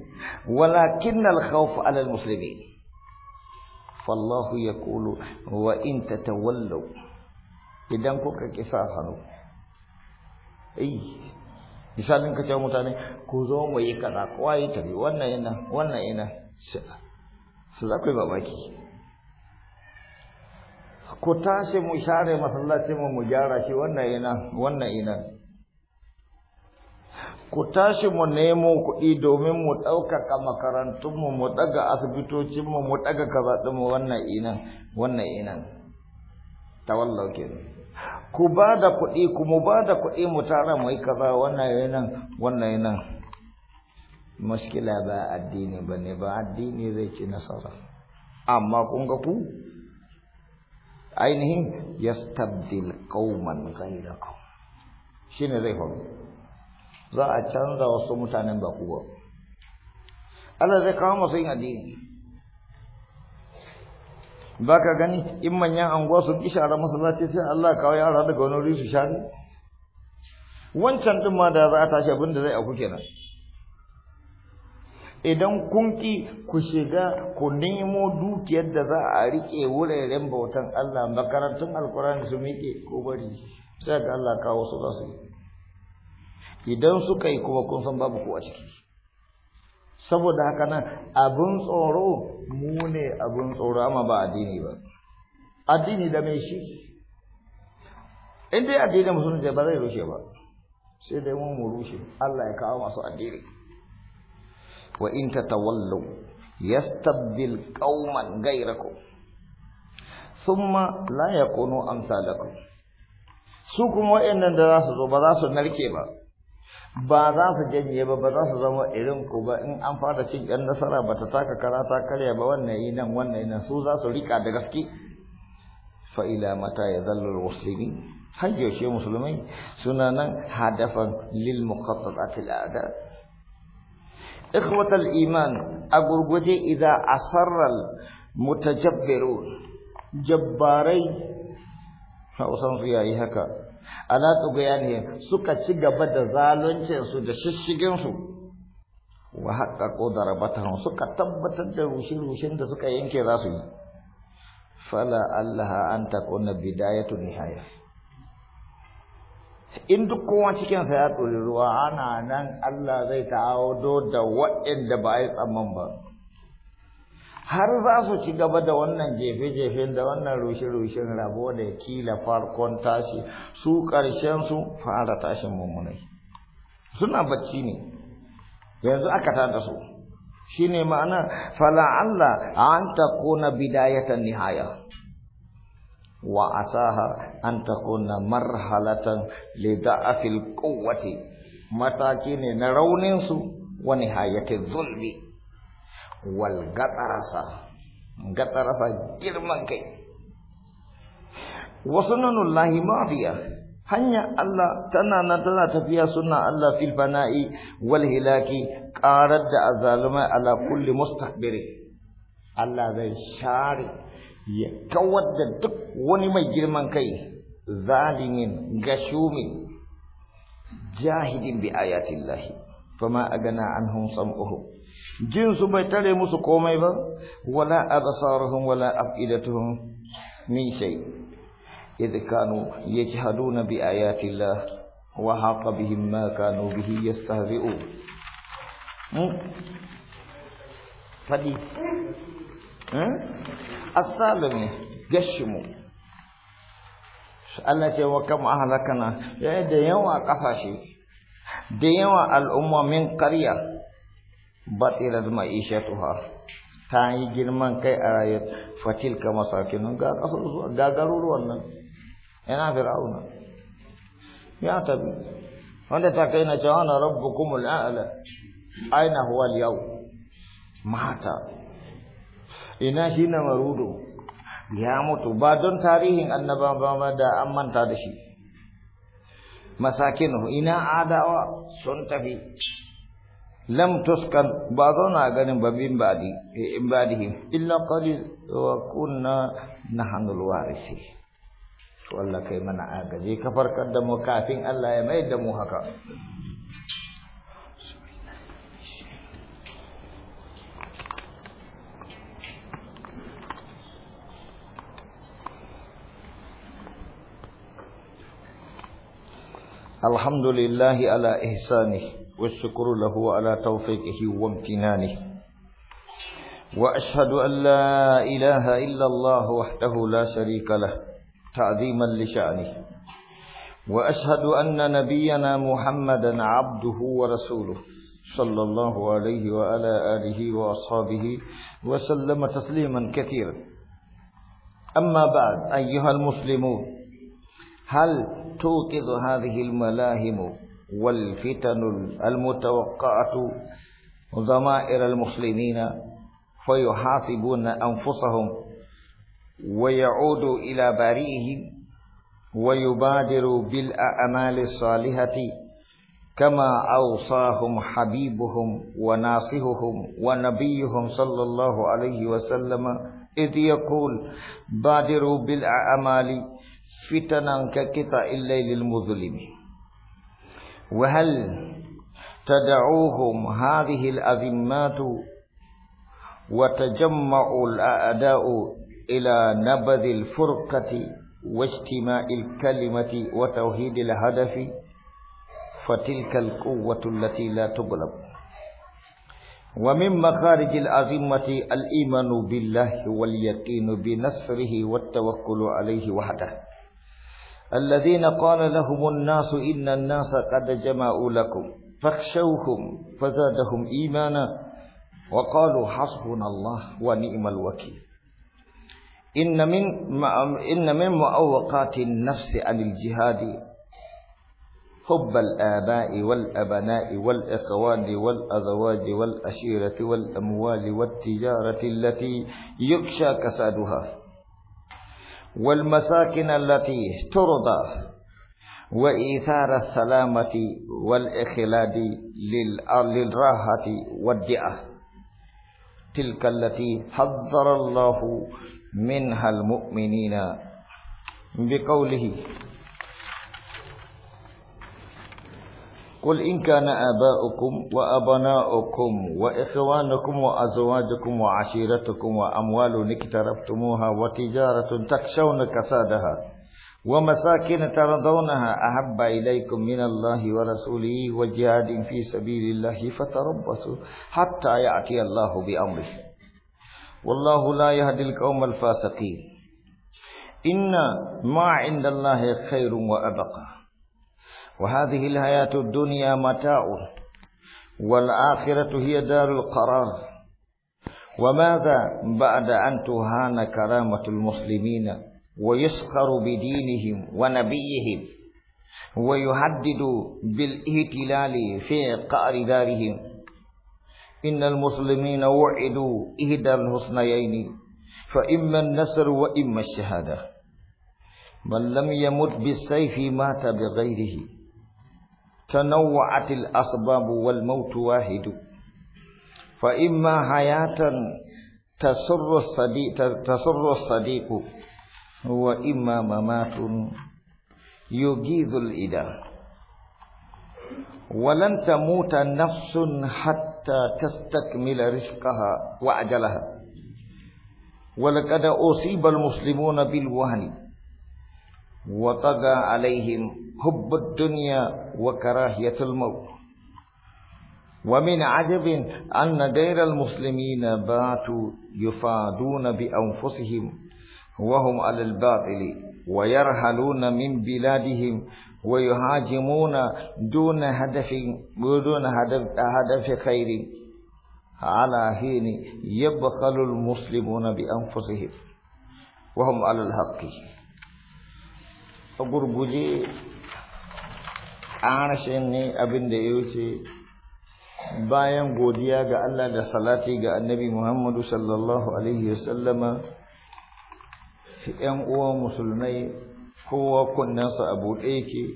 walakin al khawf ala al muslimin fallahu yaqulu wa in tatawallaw idan kuka kisa hannu ai misalin ka ce mutane ku zo mu yi kaza kowa yi tabi wannan ina wannan ina su za ku yi mamaki ku tashi mu share masallaci mu mu gyara shi wannan ina wannan ina ku tashi mu nemo kuɗi domin mu ɗaukaka makarantunmu mu ɗaga asibitocinmu mu ɗaga kazaɗinmu wannan ina wannan ina tawallau kenan ku ba da kuɗi ku mu ba da kuɗi mu tara mu yi kaza wannan ina wannan ina. mushkila ba addini ba ne ba addini zai ci nasara amma kun ga ku ainihin yastabdil qauman ghayrakum shine zai faru za a canza wasu mutanen ba ku ba Allah zai kawo masu yin addini ba ka gani in manyan anguwa sun ki share masallaci sai Allah kawo yara daga wani wuri su share wancan din ma da za a tashi abinda zai auku kenan idan kunki ku shiga ku nemo dukiyar da za a rike wuraren bautan Allah makarantun alkurani su miƙe ko bari sai ga Allah kawo su za su yi idan suka yi kuma kun san babu kowa ciki saboda haka nan abin tsoro mu ne abin tsoro amma ba addini ba addini da mai shi in dai addinin musulunci ba zai rushe ba sai dai mu rushe Allah ya kawo masu addini wa in tatawallu yastabdil qauman ghayrakum thumma la yakunu amsalakum su kuma wayannan da za su zo ba za su narke ba ba za su janye ba ba za su zama irin ku ba in an fara cin yan nasara ba ta taka karata karya ba wannan yi nan wannan yi nan su za su rika da gaske Fa'ila ila mata ya zallu muslimin har yaushe musulmai suna nan hadafan lil muqaddatatil a'da iman a أقول إذا أصر المتجبرون jabbarai. hausan su yayi haka ana tsugaya ne suka ci gaba da zaluncinsu da shishiginsu wa haƙa da rabatan suka tabbatar da rushe-rushen da suka yanke za su yi fala allaha an taƙo na bidayatu nihaya in duk kowa cikinsa ya tsori ruwa ana nan Allah zai ta'awado da waɗanda ba a yi tsamman ba har za su ci gaba da wannan jefe jefe da wannan rushe-rushen rabo da kila farkon tashi su ƙarshen su fara tashin mummunai suna bacci ne yanzu aka tada su shine ma'ana fala'alla an takuna bidayatan nihaya wa asaha an takuna marhalatan lidha'fil quwwati mataki ne na raunin su wa nihayati dhulmi wal gatarasa girman kai wa sunanullahi mafiya hanya Allah tana nan tafiya suna Allah fil bana'i ƙarar da azalima ala kulli mustakbiri Allah zai share ya kawar da duk wani mai girman kai zalimin gashumin, jahidin bi ayatillahi fama agana anhum sam'uhum jinsu bai tare musu komai ba wala absaruhum wala afidatuhum min shay idh kanu yajhaduna bi ayatillah wa haqa bihim ma kanu bihi yastahzi'un hmm? fadi Eh? asalin gashimu Allah ce wa kama ahlakana eh, da yawa kasashe da yawa al'ummomin ƙarya batilar ma'ishatuha ta yi girman kai a fatil ka masakinun ga garuruwan nan yana fir'auna ya tabi wanda ta kai na cewa na kuma la'ala aina huwa liyau yau mata ina shi na marudo ya mutu ba don tarihin annaba ba da an manta da shi masakinu ina adawa sun tafi lam tuskan ba zauna ganin babin badi in badihi illa qalil wa kunna nahnu alwarisi to Allah kai mana agaje ka farkar da mu kafin Allah ya mai da mu haka الحمد لله على إحسانه والشكر له على توفيقه وامتنانه وأشهد أن لا إله إلا الله وحده لا شريك له تعظيما لشأنه وأشهد أن نبينا محمدا عبده ورسوله صلى الله عليه وعلى آله وأصحابه وسلم تسليما كثيرا أما بعد أيها المسلمون هل توقظ هذه الملاهم والفتن المتوقعة ضمائر المسلمين فيحاسبون أنفسهم ويعودوا إلى بارئهم ويبادروا بالأعمال الصالحة كما أوصاهم حبيبهم وناصحهم ونبيهم صلى الله عليه وسلم إذ يقول بادروا بالأعمال فتنا كقطع الليل المظلم وهل تدعوهم هذه الأزمات وتجمع الأعداء إلى نبذ الفرقة واجتماع الكلمة وتوحيد الهدف فتلك القوة التي لا تغلب ومن مخارج الأزمة الإيمان بالله واليقين بنصره والتوكل عليه وحده الذين قال لهم الناس إن الناس قد جمعوا لكم فاخشوهم فزادهم إيمانا وقالوا حسبنا الله ونعم الوكيل إن من إن من مؤوقات النفس عن الجهاد حب الآباء والأبناء والإخوان والأزواج والأشيرة والأموال والتجارة التي يخشى كسادها والمساكن التي ترضى وإيثار السلامة والإخلاد للراحة والدعة تلك التي حذر الله منها المؤمنين بقوله قل إن كان آباؤكم وأبناؤكم وإخوانكم وأزواجكم وعشيرتكم وأموال اقترفتموها وتجارة تخشون كسادها ومساكن ترضونها أحب إليكم من الله ورسوله وجهاد في سبيل الله فتربصوا حتى يأتي الله بأمره والله لا يهدي القوم الفاسقين إن ما عند الله خير وأبقى وهذه الحياة الدنيا متاع والآخرة هي دار القرار وماذا بعد أن تهان كرامة المسلمين ويسخر بدينهم ونبيهم ويهدد بالاهتلال في قعر دارهم إن المسلمين وعدوا إهدى الحسنيين فإما النصر وإما الشهادة من لم يمت بالسيف مات بغيره تنوعت الأسباب والموت واحد فإما حياة تسر الصديق, تسر الصديق وإما ممات يجيز الإداء ولن تموت نفس حتى تستكمل رزقها وأجلها ولقد أصيب المسلمون بالوهن وطغى عليهم حب الدنيا وكراهية الموت ومن عجب أن غير المسلمين باتوا يفادون بأنفسهم وهم على الباطل ويرحلون من بلادهم ويهاجمون دون هدف ودون هدف, هدف خير على حين يبخل المسلمون بأنفسهم وهم على الحق أقول shi ne abin da ya wuce bayan godiya ga Allah da salati ga annabi Muhammadu sallallahu Alaihi wasallama ‘yan uwa musulmai kowa kunnensa a buɗe yake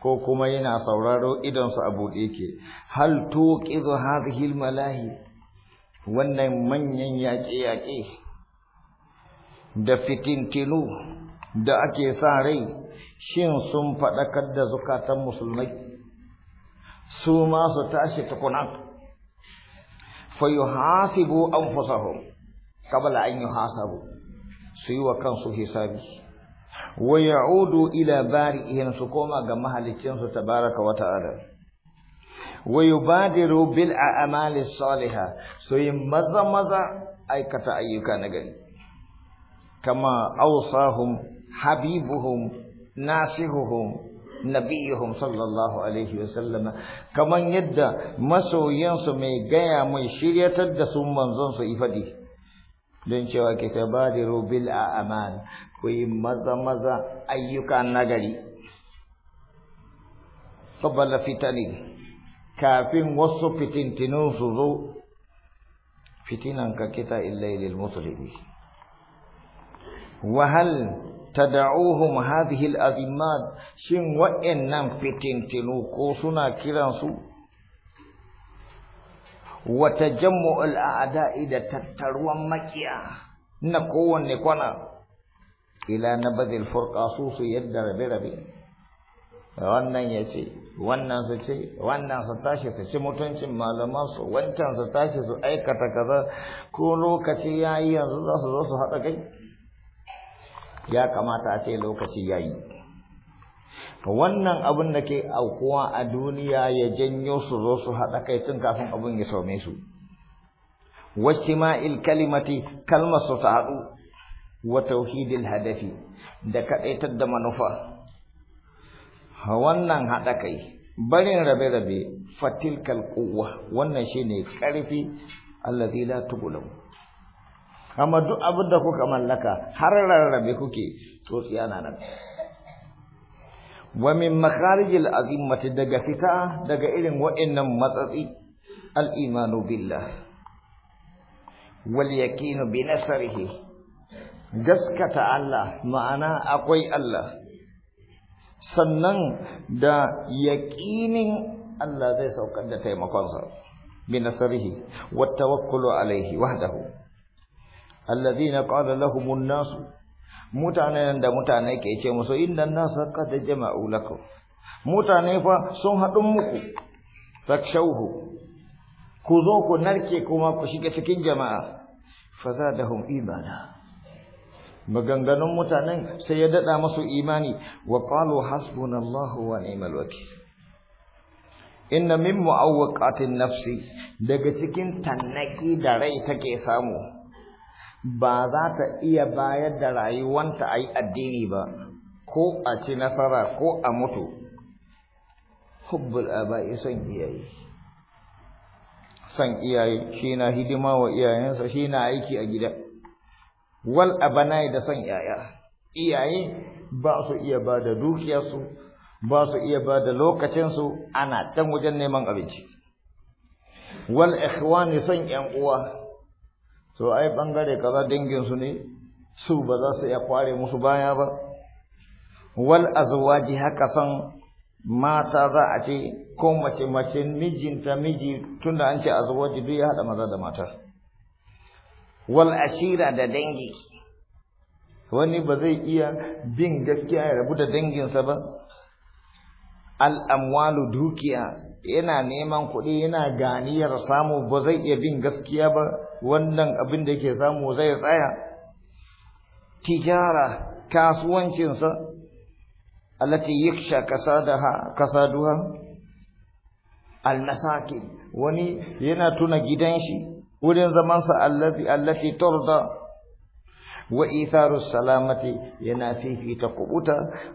ko kuma yana sauraro idonsa a buɗe yake hal to ƙizo hazihil malahi wannan manyan yaƙe-yaƙe da fitintinu da ake sa rai shin sun faɗakar da zukatan musulmai su ma su tashi tukuna fa yuhasibu anfusahum qabla an yuhasabu su yi wa kansu hisabi wa ya'udu ila bari'ihim su koma ga mahaliccinsu tabaraka wa ta'ala wa yubadiru bil a'mali salihah so yin maza maza aikata ayyuka na gari kama awsahum habibuhum ناسهم نبيهم صلى الله عليه وسلم كما يدى مسو ينسو مي غيا مي شريعة دسو منظن سو إفدي لن شوى كتبادروا بالأعمال كوي مزا مزا أيوكا نغري قبل فتنين كافين وصو فتن تنوسو ذو فتنان ككتا إلا للمطلبين وهل تدعوهم هذه الأزمات شن وإنم فتن تلوكوسنا كرانسو وتجمع الأعداء إذا تتروا مكيا نقوى نقونا إلى نبذ الفرق أصوص يد بربي ربي وانا يشي وانا سشي وانا ستاشي سشي متن سم مالما سو ستاشي سو أي كتا كذا كونو كشي يا يا زلاس زلاس كي ya kamata a ce lokaci yi. wannan abin da ke aukuwa a duniya ya janyo su zo su haɗa kai tun kafin abin ya same su wastima'il kalimati kalmar su ta haɗu wa tauhidil hadafi da kaɗaitar da manufa wannan haɗa kai barin rabe-rabe fatilkal kuwa wannan shine ƙarfi allazi la tubulamu amma duk abin da kuka mallaka har rarrabe kuke to tsiyana nan wa min makharijil daga fita daga irin wa'annan matsatsi al imanu billah wal yaqinu bi nasrihi gaskata Allah ma'ana akwai Allah sannan da yaqinin Allah zai saukar da taimakonsa bi nasrihi wat tawakkulu alaihi wahdahu alladhina qala lahum nasu nas mutanen da mutane ke ce musu inna nasa qad jama'u lakum mutane fa sun haɗu muku takshauhu ku zo ku narke kuma ku shige cikin jama'a fazadahum imana maganganun mutanen sai ya dada musu imani wa qalu hasbunallahu wa ni'mal wakil inna min mu'awqatin nafsi daga cikin tannaki da rai take samu ba za ta iya bayar da rayuwanta a yi addini ba ko a ci nasara ko a mutu hubbul aba'i son iyaye son iyaye shi na hidima wa iyayensa shi na aiki a gida wal abanai da son yaya iyaye ba su iya ba da dukiyarsu ba su iya ba da lokacinsu ana can wajen neman abinci wal ikhwani son yan uwa to ai bangare kaza dingin su ne su ba za su iya kware musu baya ba wal azwaji haka san mata za a ce ko mace mace mijinta miji tunda an ce azwaji duk ya hada maza da mata wal ashira da dangi wani ba zai iya bin gaskiya ya rabu da danginsa ba al amwalu dukiya yana neman kuɗi yana ganiyar samu ba zai iya bin gaskiya ba wannan abin da yake samu zai tsaya tijara kasuwancinsa allati yaksha kasadaha kasaduha almasakin wani yana tuna gidan shi wurin zamansa allati allati turda wa itharu salamati yana fifita kubuta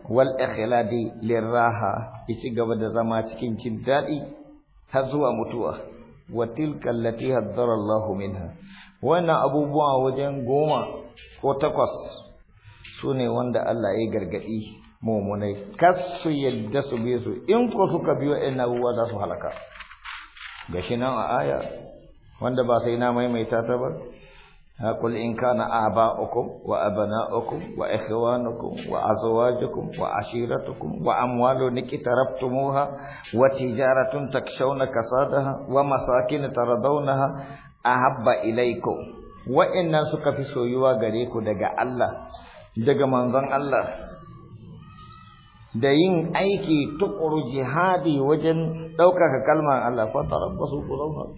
wal ikhladi liraha ci gaba da zama cikin jin daɗi har zuwa mutuwa wa tilka allati haddara Allahu minha wannan abubuwa wajen goma ko takwas sune wanda Allah ya gargadi mumunai kasu su yadda su bi su in ko suka biyo ina abubuwa za su halaka gashi nan a aya wanda ba sai na maimaita ta ba قل إن كان آباؤكم وأبناؤكم وإخوانكم وأزواجكم وعشيرتكم وأموال اقترفتموها وتجارة تكشون كسادها ومساكن ترضونها أحب إليكم وإن سك في سويوا غريكو دغا الله دغا منزon الله da yin aiki tukuru jihadi wajen ɗaukaka kalmar Allah fa tarabbasu ku zauna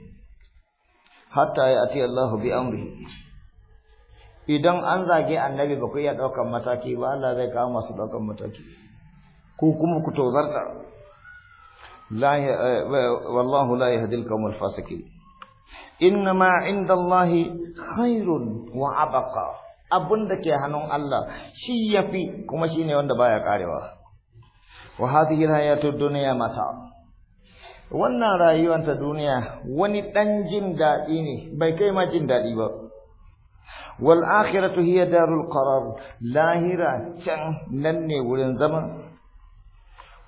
hatta ya ati Allah bi amrihi idan an zage annabi ba ku iya ɗaukan mataki ba Allah zai kawo masu ɗaukan mataki Ku kuma ku tozarta eh, wallahu la yahdi al-qawm al innama inda Allah khairun wa abqa abunda ke hannun Allah shi yafi kuma shine wanda baya karewa wa hadhihi hayatud dunya mata wannan rayuwar ta duniya wani dan jin dadi ne bai kai ma jin dadi ba wal akhiratu hiya darul qarar lahira can nan ne wurin zama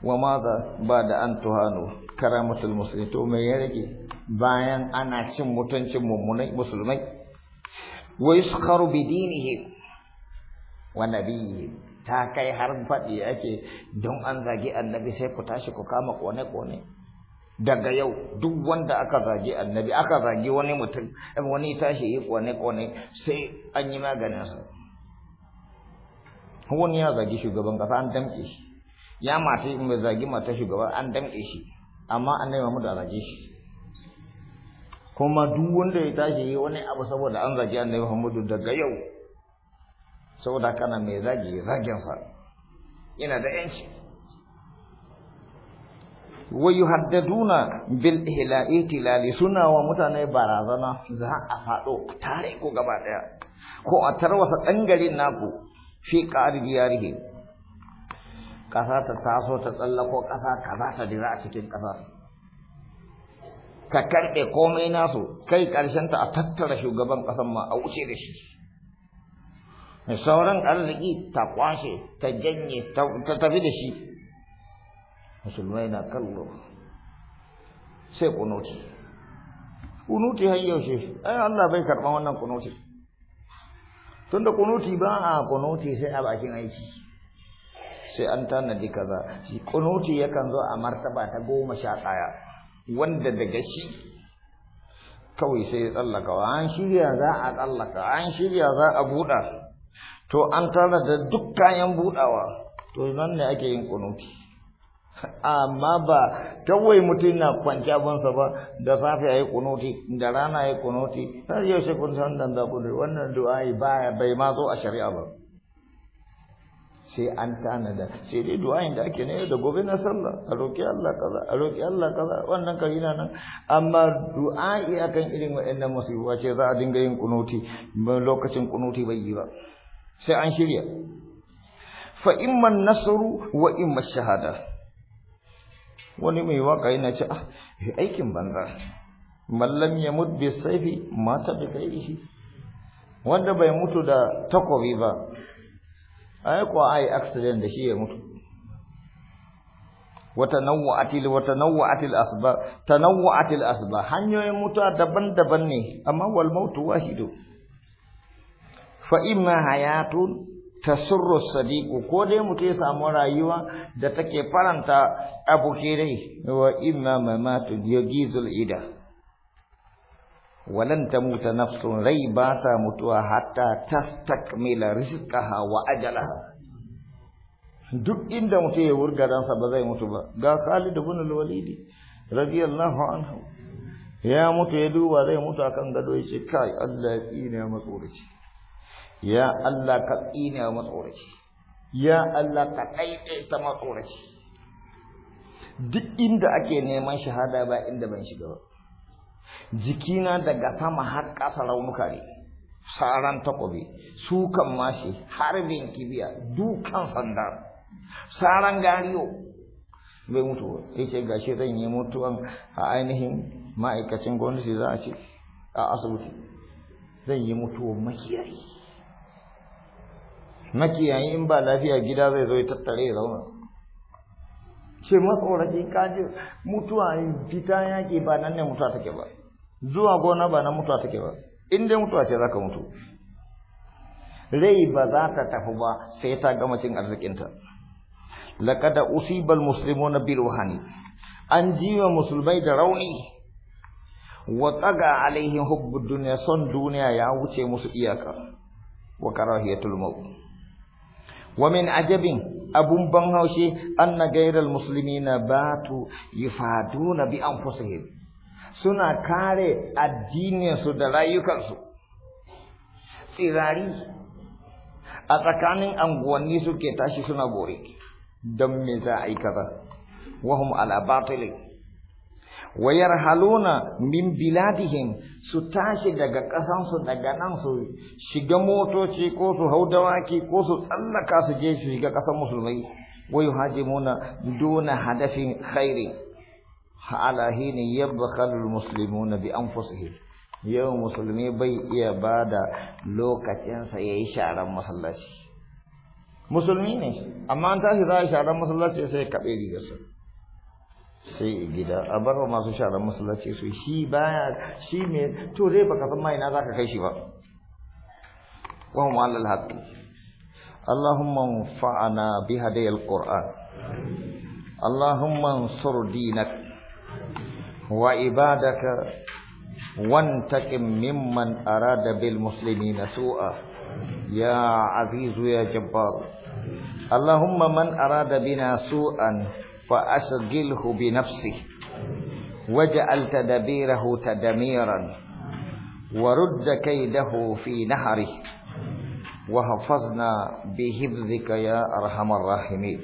wa madha ba'da an tuhanu karamatul muslimin to me rage bayan ana cin mutuncin mummunai musulmai wa yuskharu bi dinihim wa nabiyihim ta kai har faɗi ake don an zagi annabi sai ku tashi ku kama kone-kone daga yau duk wanda aka zage annabi aka zage wani mutum wani tashi yi kone kone sai an yi maganinsa wani ya zage shugaban kasa an damke shi ya mata mai zage mata shugaban an damke shi amma annabi Muhammad a zage shi kuma duk wanda ya tashi yi wani abu saboda an zage annabi Muhammad daga yau saboda kana mai zage zagensa yana da yanci wa haddaduna bil ihla'i tilali suna wa mutane barazana za a fado a tare ko gaba daya ko a tarwasa dangarin naku fi qari diyarihi ƙasa ta taso ta tsallako ƙasa za ta dira a cikin ƙasa. ka karɓe komai nasu kai ƙarshen ta a tattara shugaban ƙasar ma a wuce da shi sauran arziki ta kwashe ta janye ta tafi da shi musulmai na kallo sai kunuti kunuti har yaushe ai Allah bai karba wannan kunuti tunda kunuti ba a kunuti sai a bakin aiki sai an tanadi kaza shi kunuti yakan zo a martaba ta goma sha ɗaya wanda daga shi kawai sai ya tsallaka an shirya za a tsallaka an shirya za a buɗa to an tana da duk kayan buɗawa to nan ne ake yin kunuti amma ba kawai mutum na kwanci abinsa ba da safe ya yi kunoti da rana ya yi kunoti har yaushe kun san dan da kudu wannan du'a'i baya bai ma zo a shari'a ba sai an tanada sai dai du'a'in da ake ne da gobe na sallah a roƙi Allah kaza a roƙi Allah kaza wannan kari na nan amma du'a'i akan irin waɗannan musibuwa ce za a dinga yin kunoti lokacin kunoti bai yi ba sai an shirya fa nasaru, nasru wa imma shahada wani mai waka yana ce ah aikin banza mallam ya mutu bi saifi mata da kai wanda bai mutu da takobi ba ai ko ai accident da shi ya mutu وتنوعت وتنوعت الاسباب تنوعت الاسباب hanyoyin mutuwa daban-daban ne amma wal mautu wahidu fa imma hayatun tasurru Sadiku, ko dai mutum ya samu rayuwa da take faranta abukirai wa imma mamatu yugizul ida walan tamuta nafsun rai ba ta mutuwa hatta tastakmila rizqaha wa ajalaha duk inda mutum ya wurga ransa ba zai mutu ba ga Khalid ibn al-Walid radiyallahu anhu ya mutu ya duba zai mutu akan gado yace kai Allah ya tsine ya ya Allah ka tsine matsoraci ya Allah ka ɗaiɗaita matsoraci duk inda ake neman shahada ba inda ban shiga ba jikina daga sama har ƙasa raunuka ne saran takobi kan mashi harbin kibiya dukan sanda saran gariyo bai mutu ba sai ce gashi zan yi mutuwan a ainihin ma'aikacin gwamnati za a ce a asibiti zan yi mutuwan makiyayi makiyayi in ba lafiya gida zai zo ya tattare ya zauna ce matsoraci kaji mutuwa fita yaƙi ba nan ne mutuwa take ba zuwa gona ba nan mutuwa take ba in dai mutuwa ce za ka mutu rai ba za ta tafi ba sai ta gama cin arzikinta Usibar usibal na bi ruhani an jiwa musulmai da rauni wa tsaga alaihin hubbud duniya son duniya ya wuce musu iyaka wa karahiyatul mawu wa min ajabin abun ban haushi anna gairal na batu na bi anfusihim suna kare addininsu da rayukansu tsirari a tsakanin anguwanni suke tashi suna bore don me za a yi kaza wahum ala batilin wayar Haluna min biladihim su tashi daga ƙasansu daga nan su shiga motoci ko su hau dawaki ko su tsallaka su je su shiga ƙasar musulmai haji muna duna hadafin khairi yabba kalul Musulmi na bi anfusihim yau musulmi bai iya ba da lokacinsa ya yi sharan masallaci musulmi ne amma an tashi za a sharan masallaci sai kaɓe rigarsa sai gida a bar wa masu sharan masallaci su shi baya shi me to dai baka san mai na zaka kai shi ba wa hum alal haqqi allahumma fa'ana bi hadayil qur'an allahumma ansur dinak wa ibadaka وانتقم ممن أراد بالمسلمين سوءا يا عزيز يا جبار اللهم من أراد بنا سوءا فأسجله بنفسه واجعل تدبيره تدميرا ورد كيده في نحره وحفظنا بحفظك يا أرحم الراحمين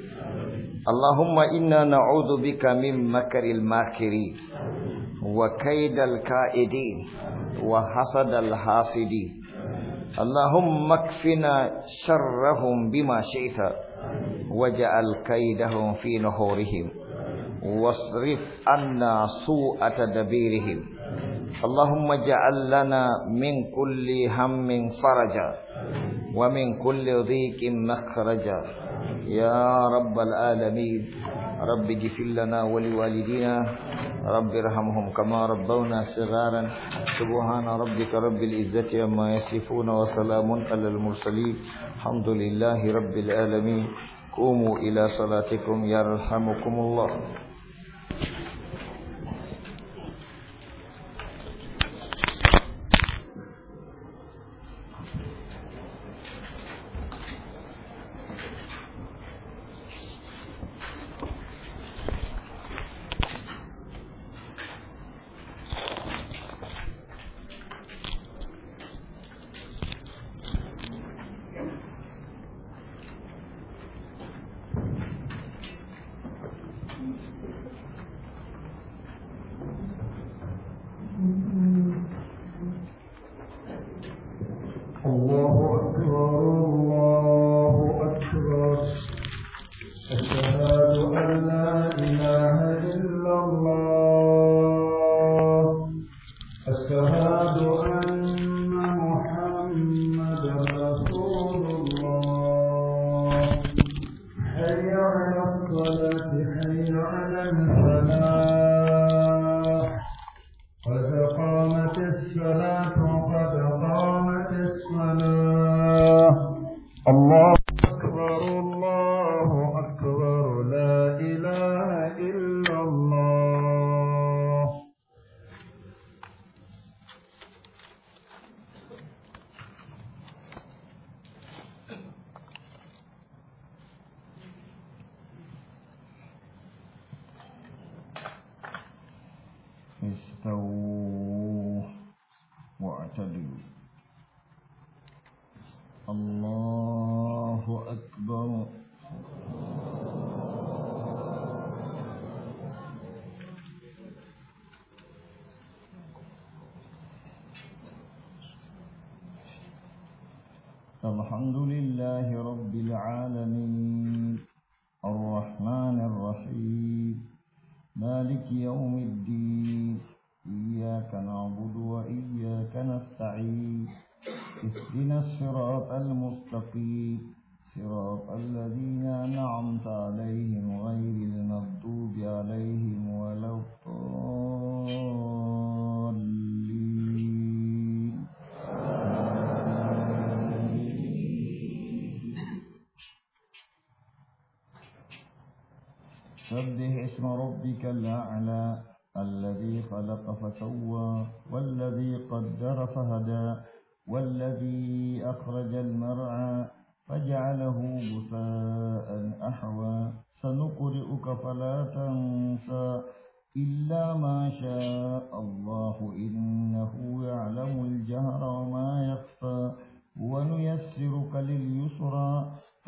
اللهم إنا نعوذ بك من مكر الماكرين وكيد الكائدين وحسد الحاسدين اللهم اكفنا شرهم بما شئت واجعل كيدهم في نحورهم واصرف عنا سوء تدبيرهم اللهم اجعل لنا من كل هم فرجا ومن كل ضيق مخرجا يا رب العالمين رب اغفر لنا ولوالدينا رب ارحمهم كما ربونا صغارا سبحان ربك رب العزة عما يصفون وسلام على المرسلين الحمد لله رب العالمين قوموا إلى صلاتكم يرحمكم الله الله أكبر الله أكبر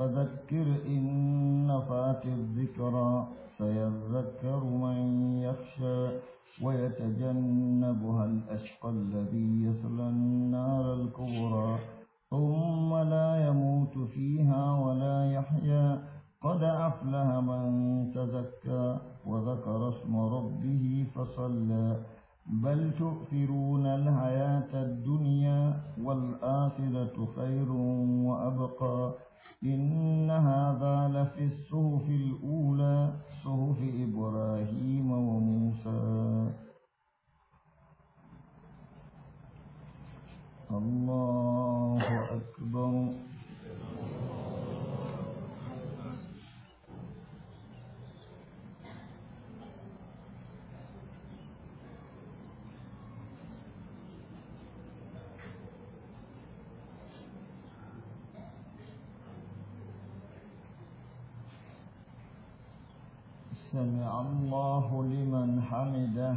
فذكر إن نفعت الذكرى سيذكر من يخشى ويتجنبها الأشقى الذي يصلى النار الكبرى ثم لا يموت فيها ولا يحيا قد أفلها من تزكى وذكر اسم ربه فصلى بل تؤثرون الحياة الدنيا والآخرة خير وأبقى إن هذا لفي الصحف الأولى صحف إبراهيم وموسى الله أكبر سمع الله لمن حمده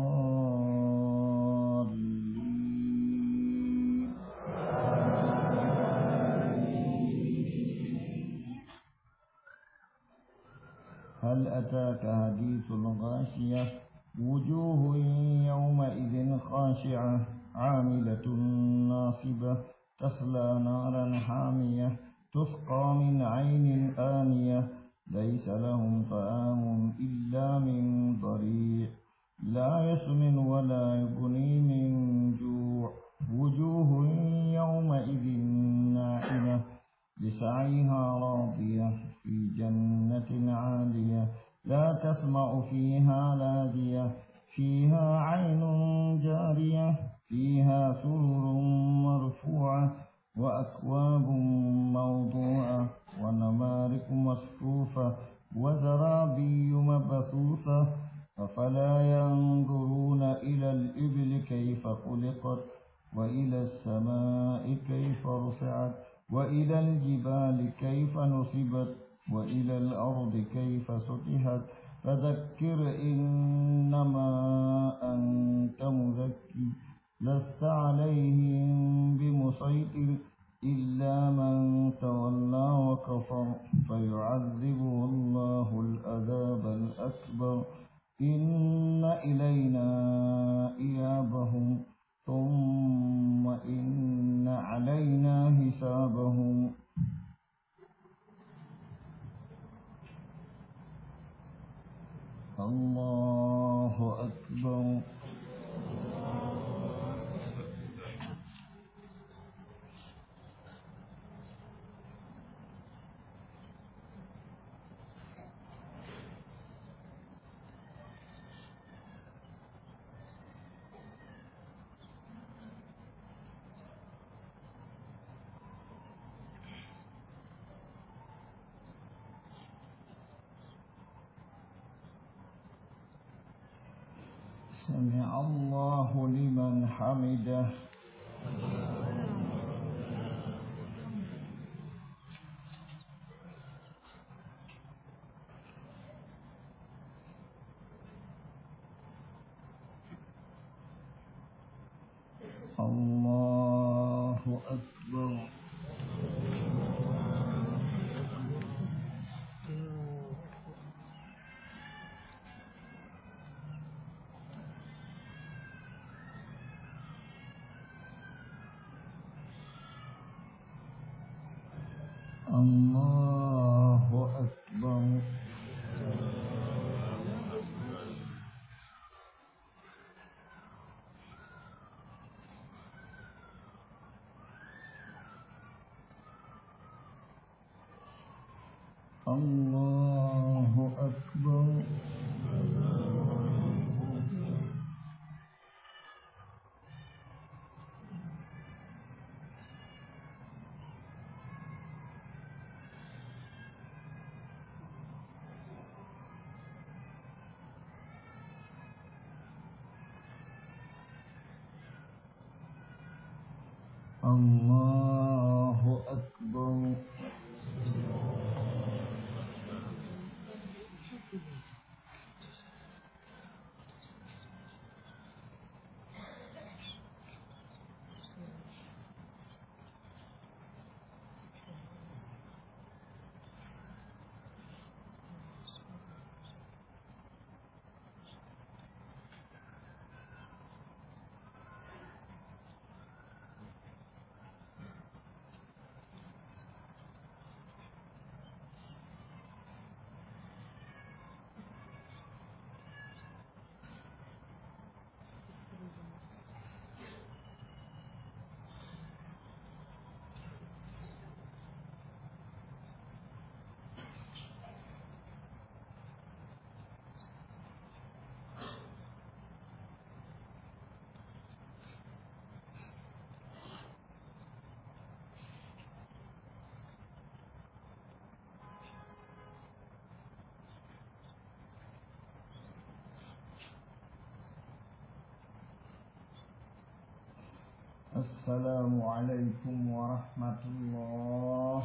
هل أتاك حديث الغاشية وجوه يومئذ خاشعة عاملة ناصبة تصلى نارا حامية تسقى من عين آنية ليس لهم طعام إلا من ضريع لا يسمن ولا يغني من جوع وجوه يومئذ ناعمة لسعيها راضية في جنة عالية لا تسمع فيها لاذية فيها عين جارية فيها سرر مرفوعة وأكواب موضوعة ونمارق مصفوفة وزرابي مبثوثة أفلا ينظرون إلى الإبل كيف خلقت وإلى السماء كيف رفعت وإلى الجبال كيف نصبت وإلى الأرض كيف سطحت فذكر إنما أنت مذكر لست عليهم بمسيطر إلا من تولى وكفر فيعذبه الله الأذاب الأكبر إن إلينا إيابهم ثم إن علينا حسابهم الله أكبر سمع الله لمن حمده السلام عليكم ورحمة الله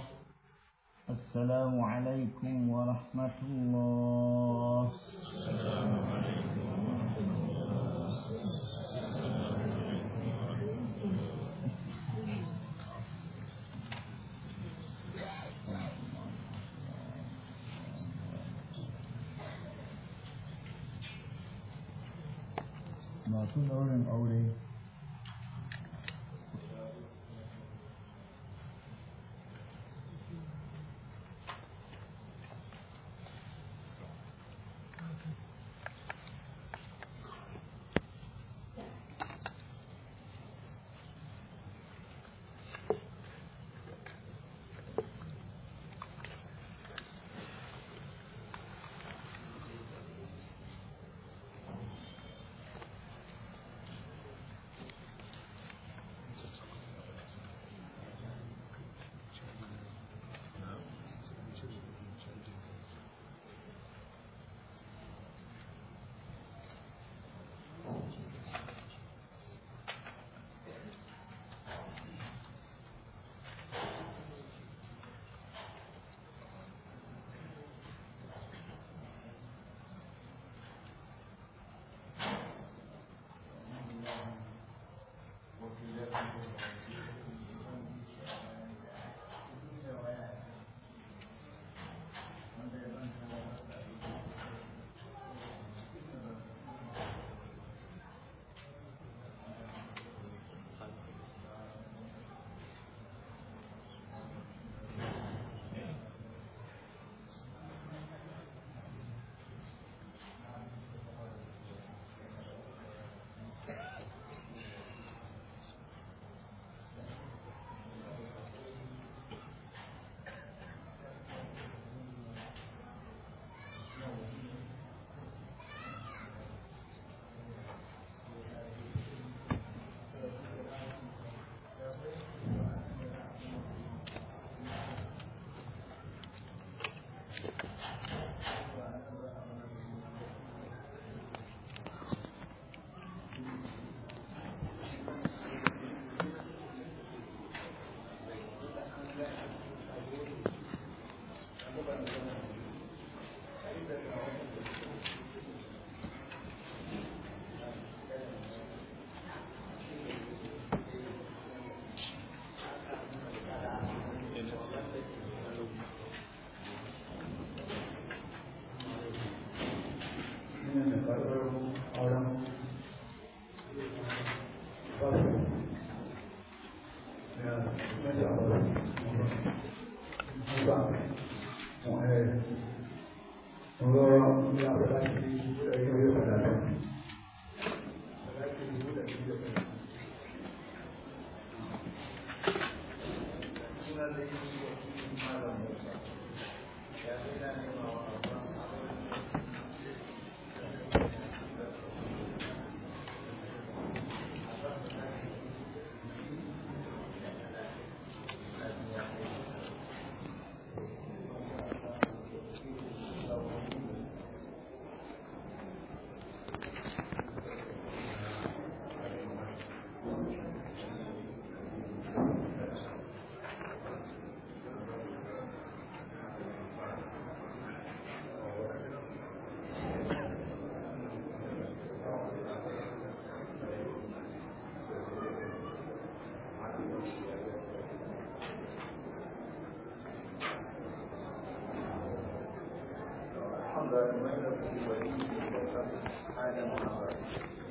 السلام عليكم ورحمة الله السلام عليكم ورحمة الله masu daurin aure And if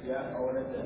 ya aure da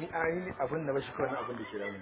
ni ainihin abin da ba shi kawai abin da ke damu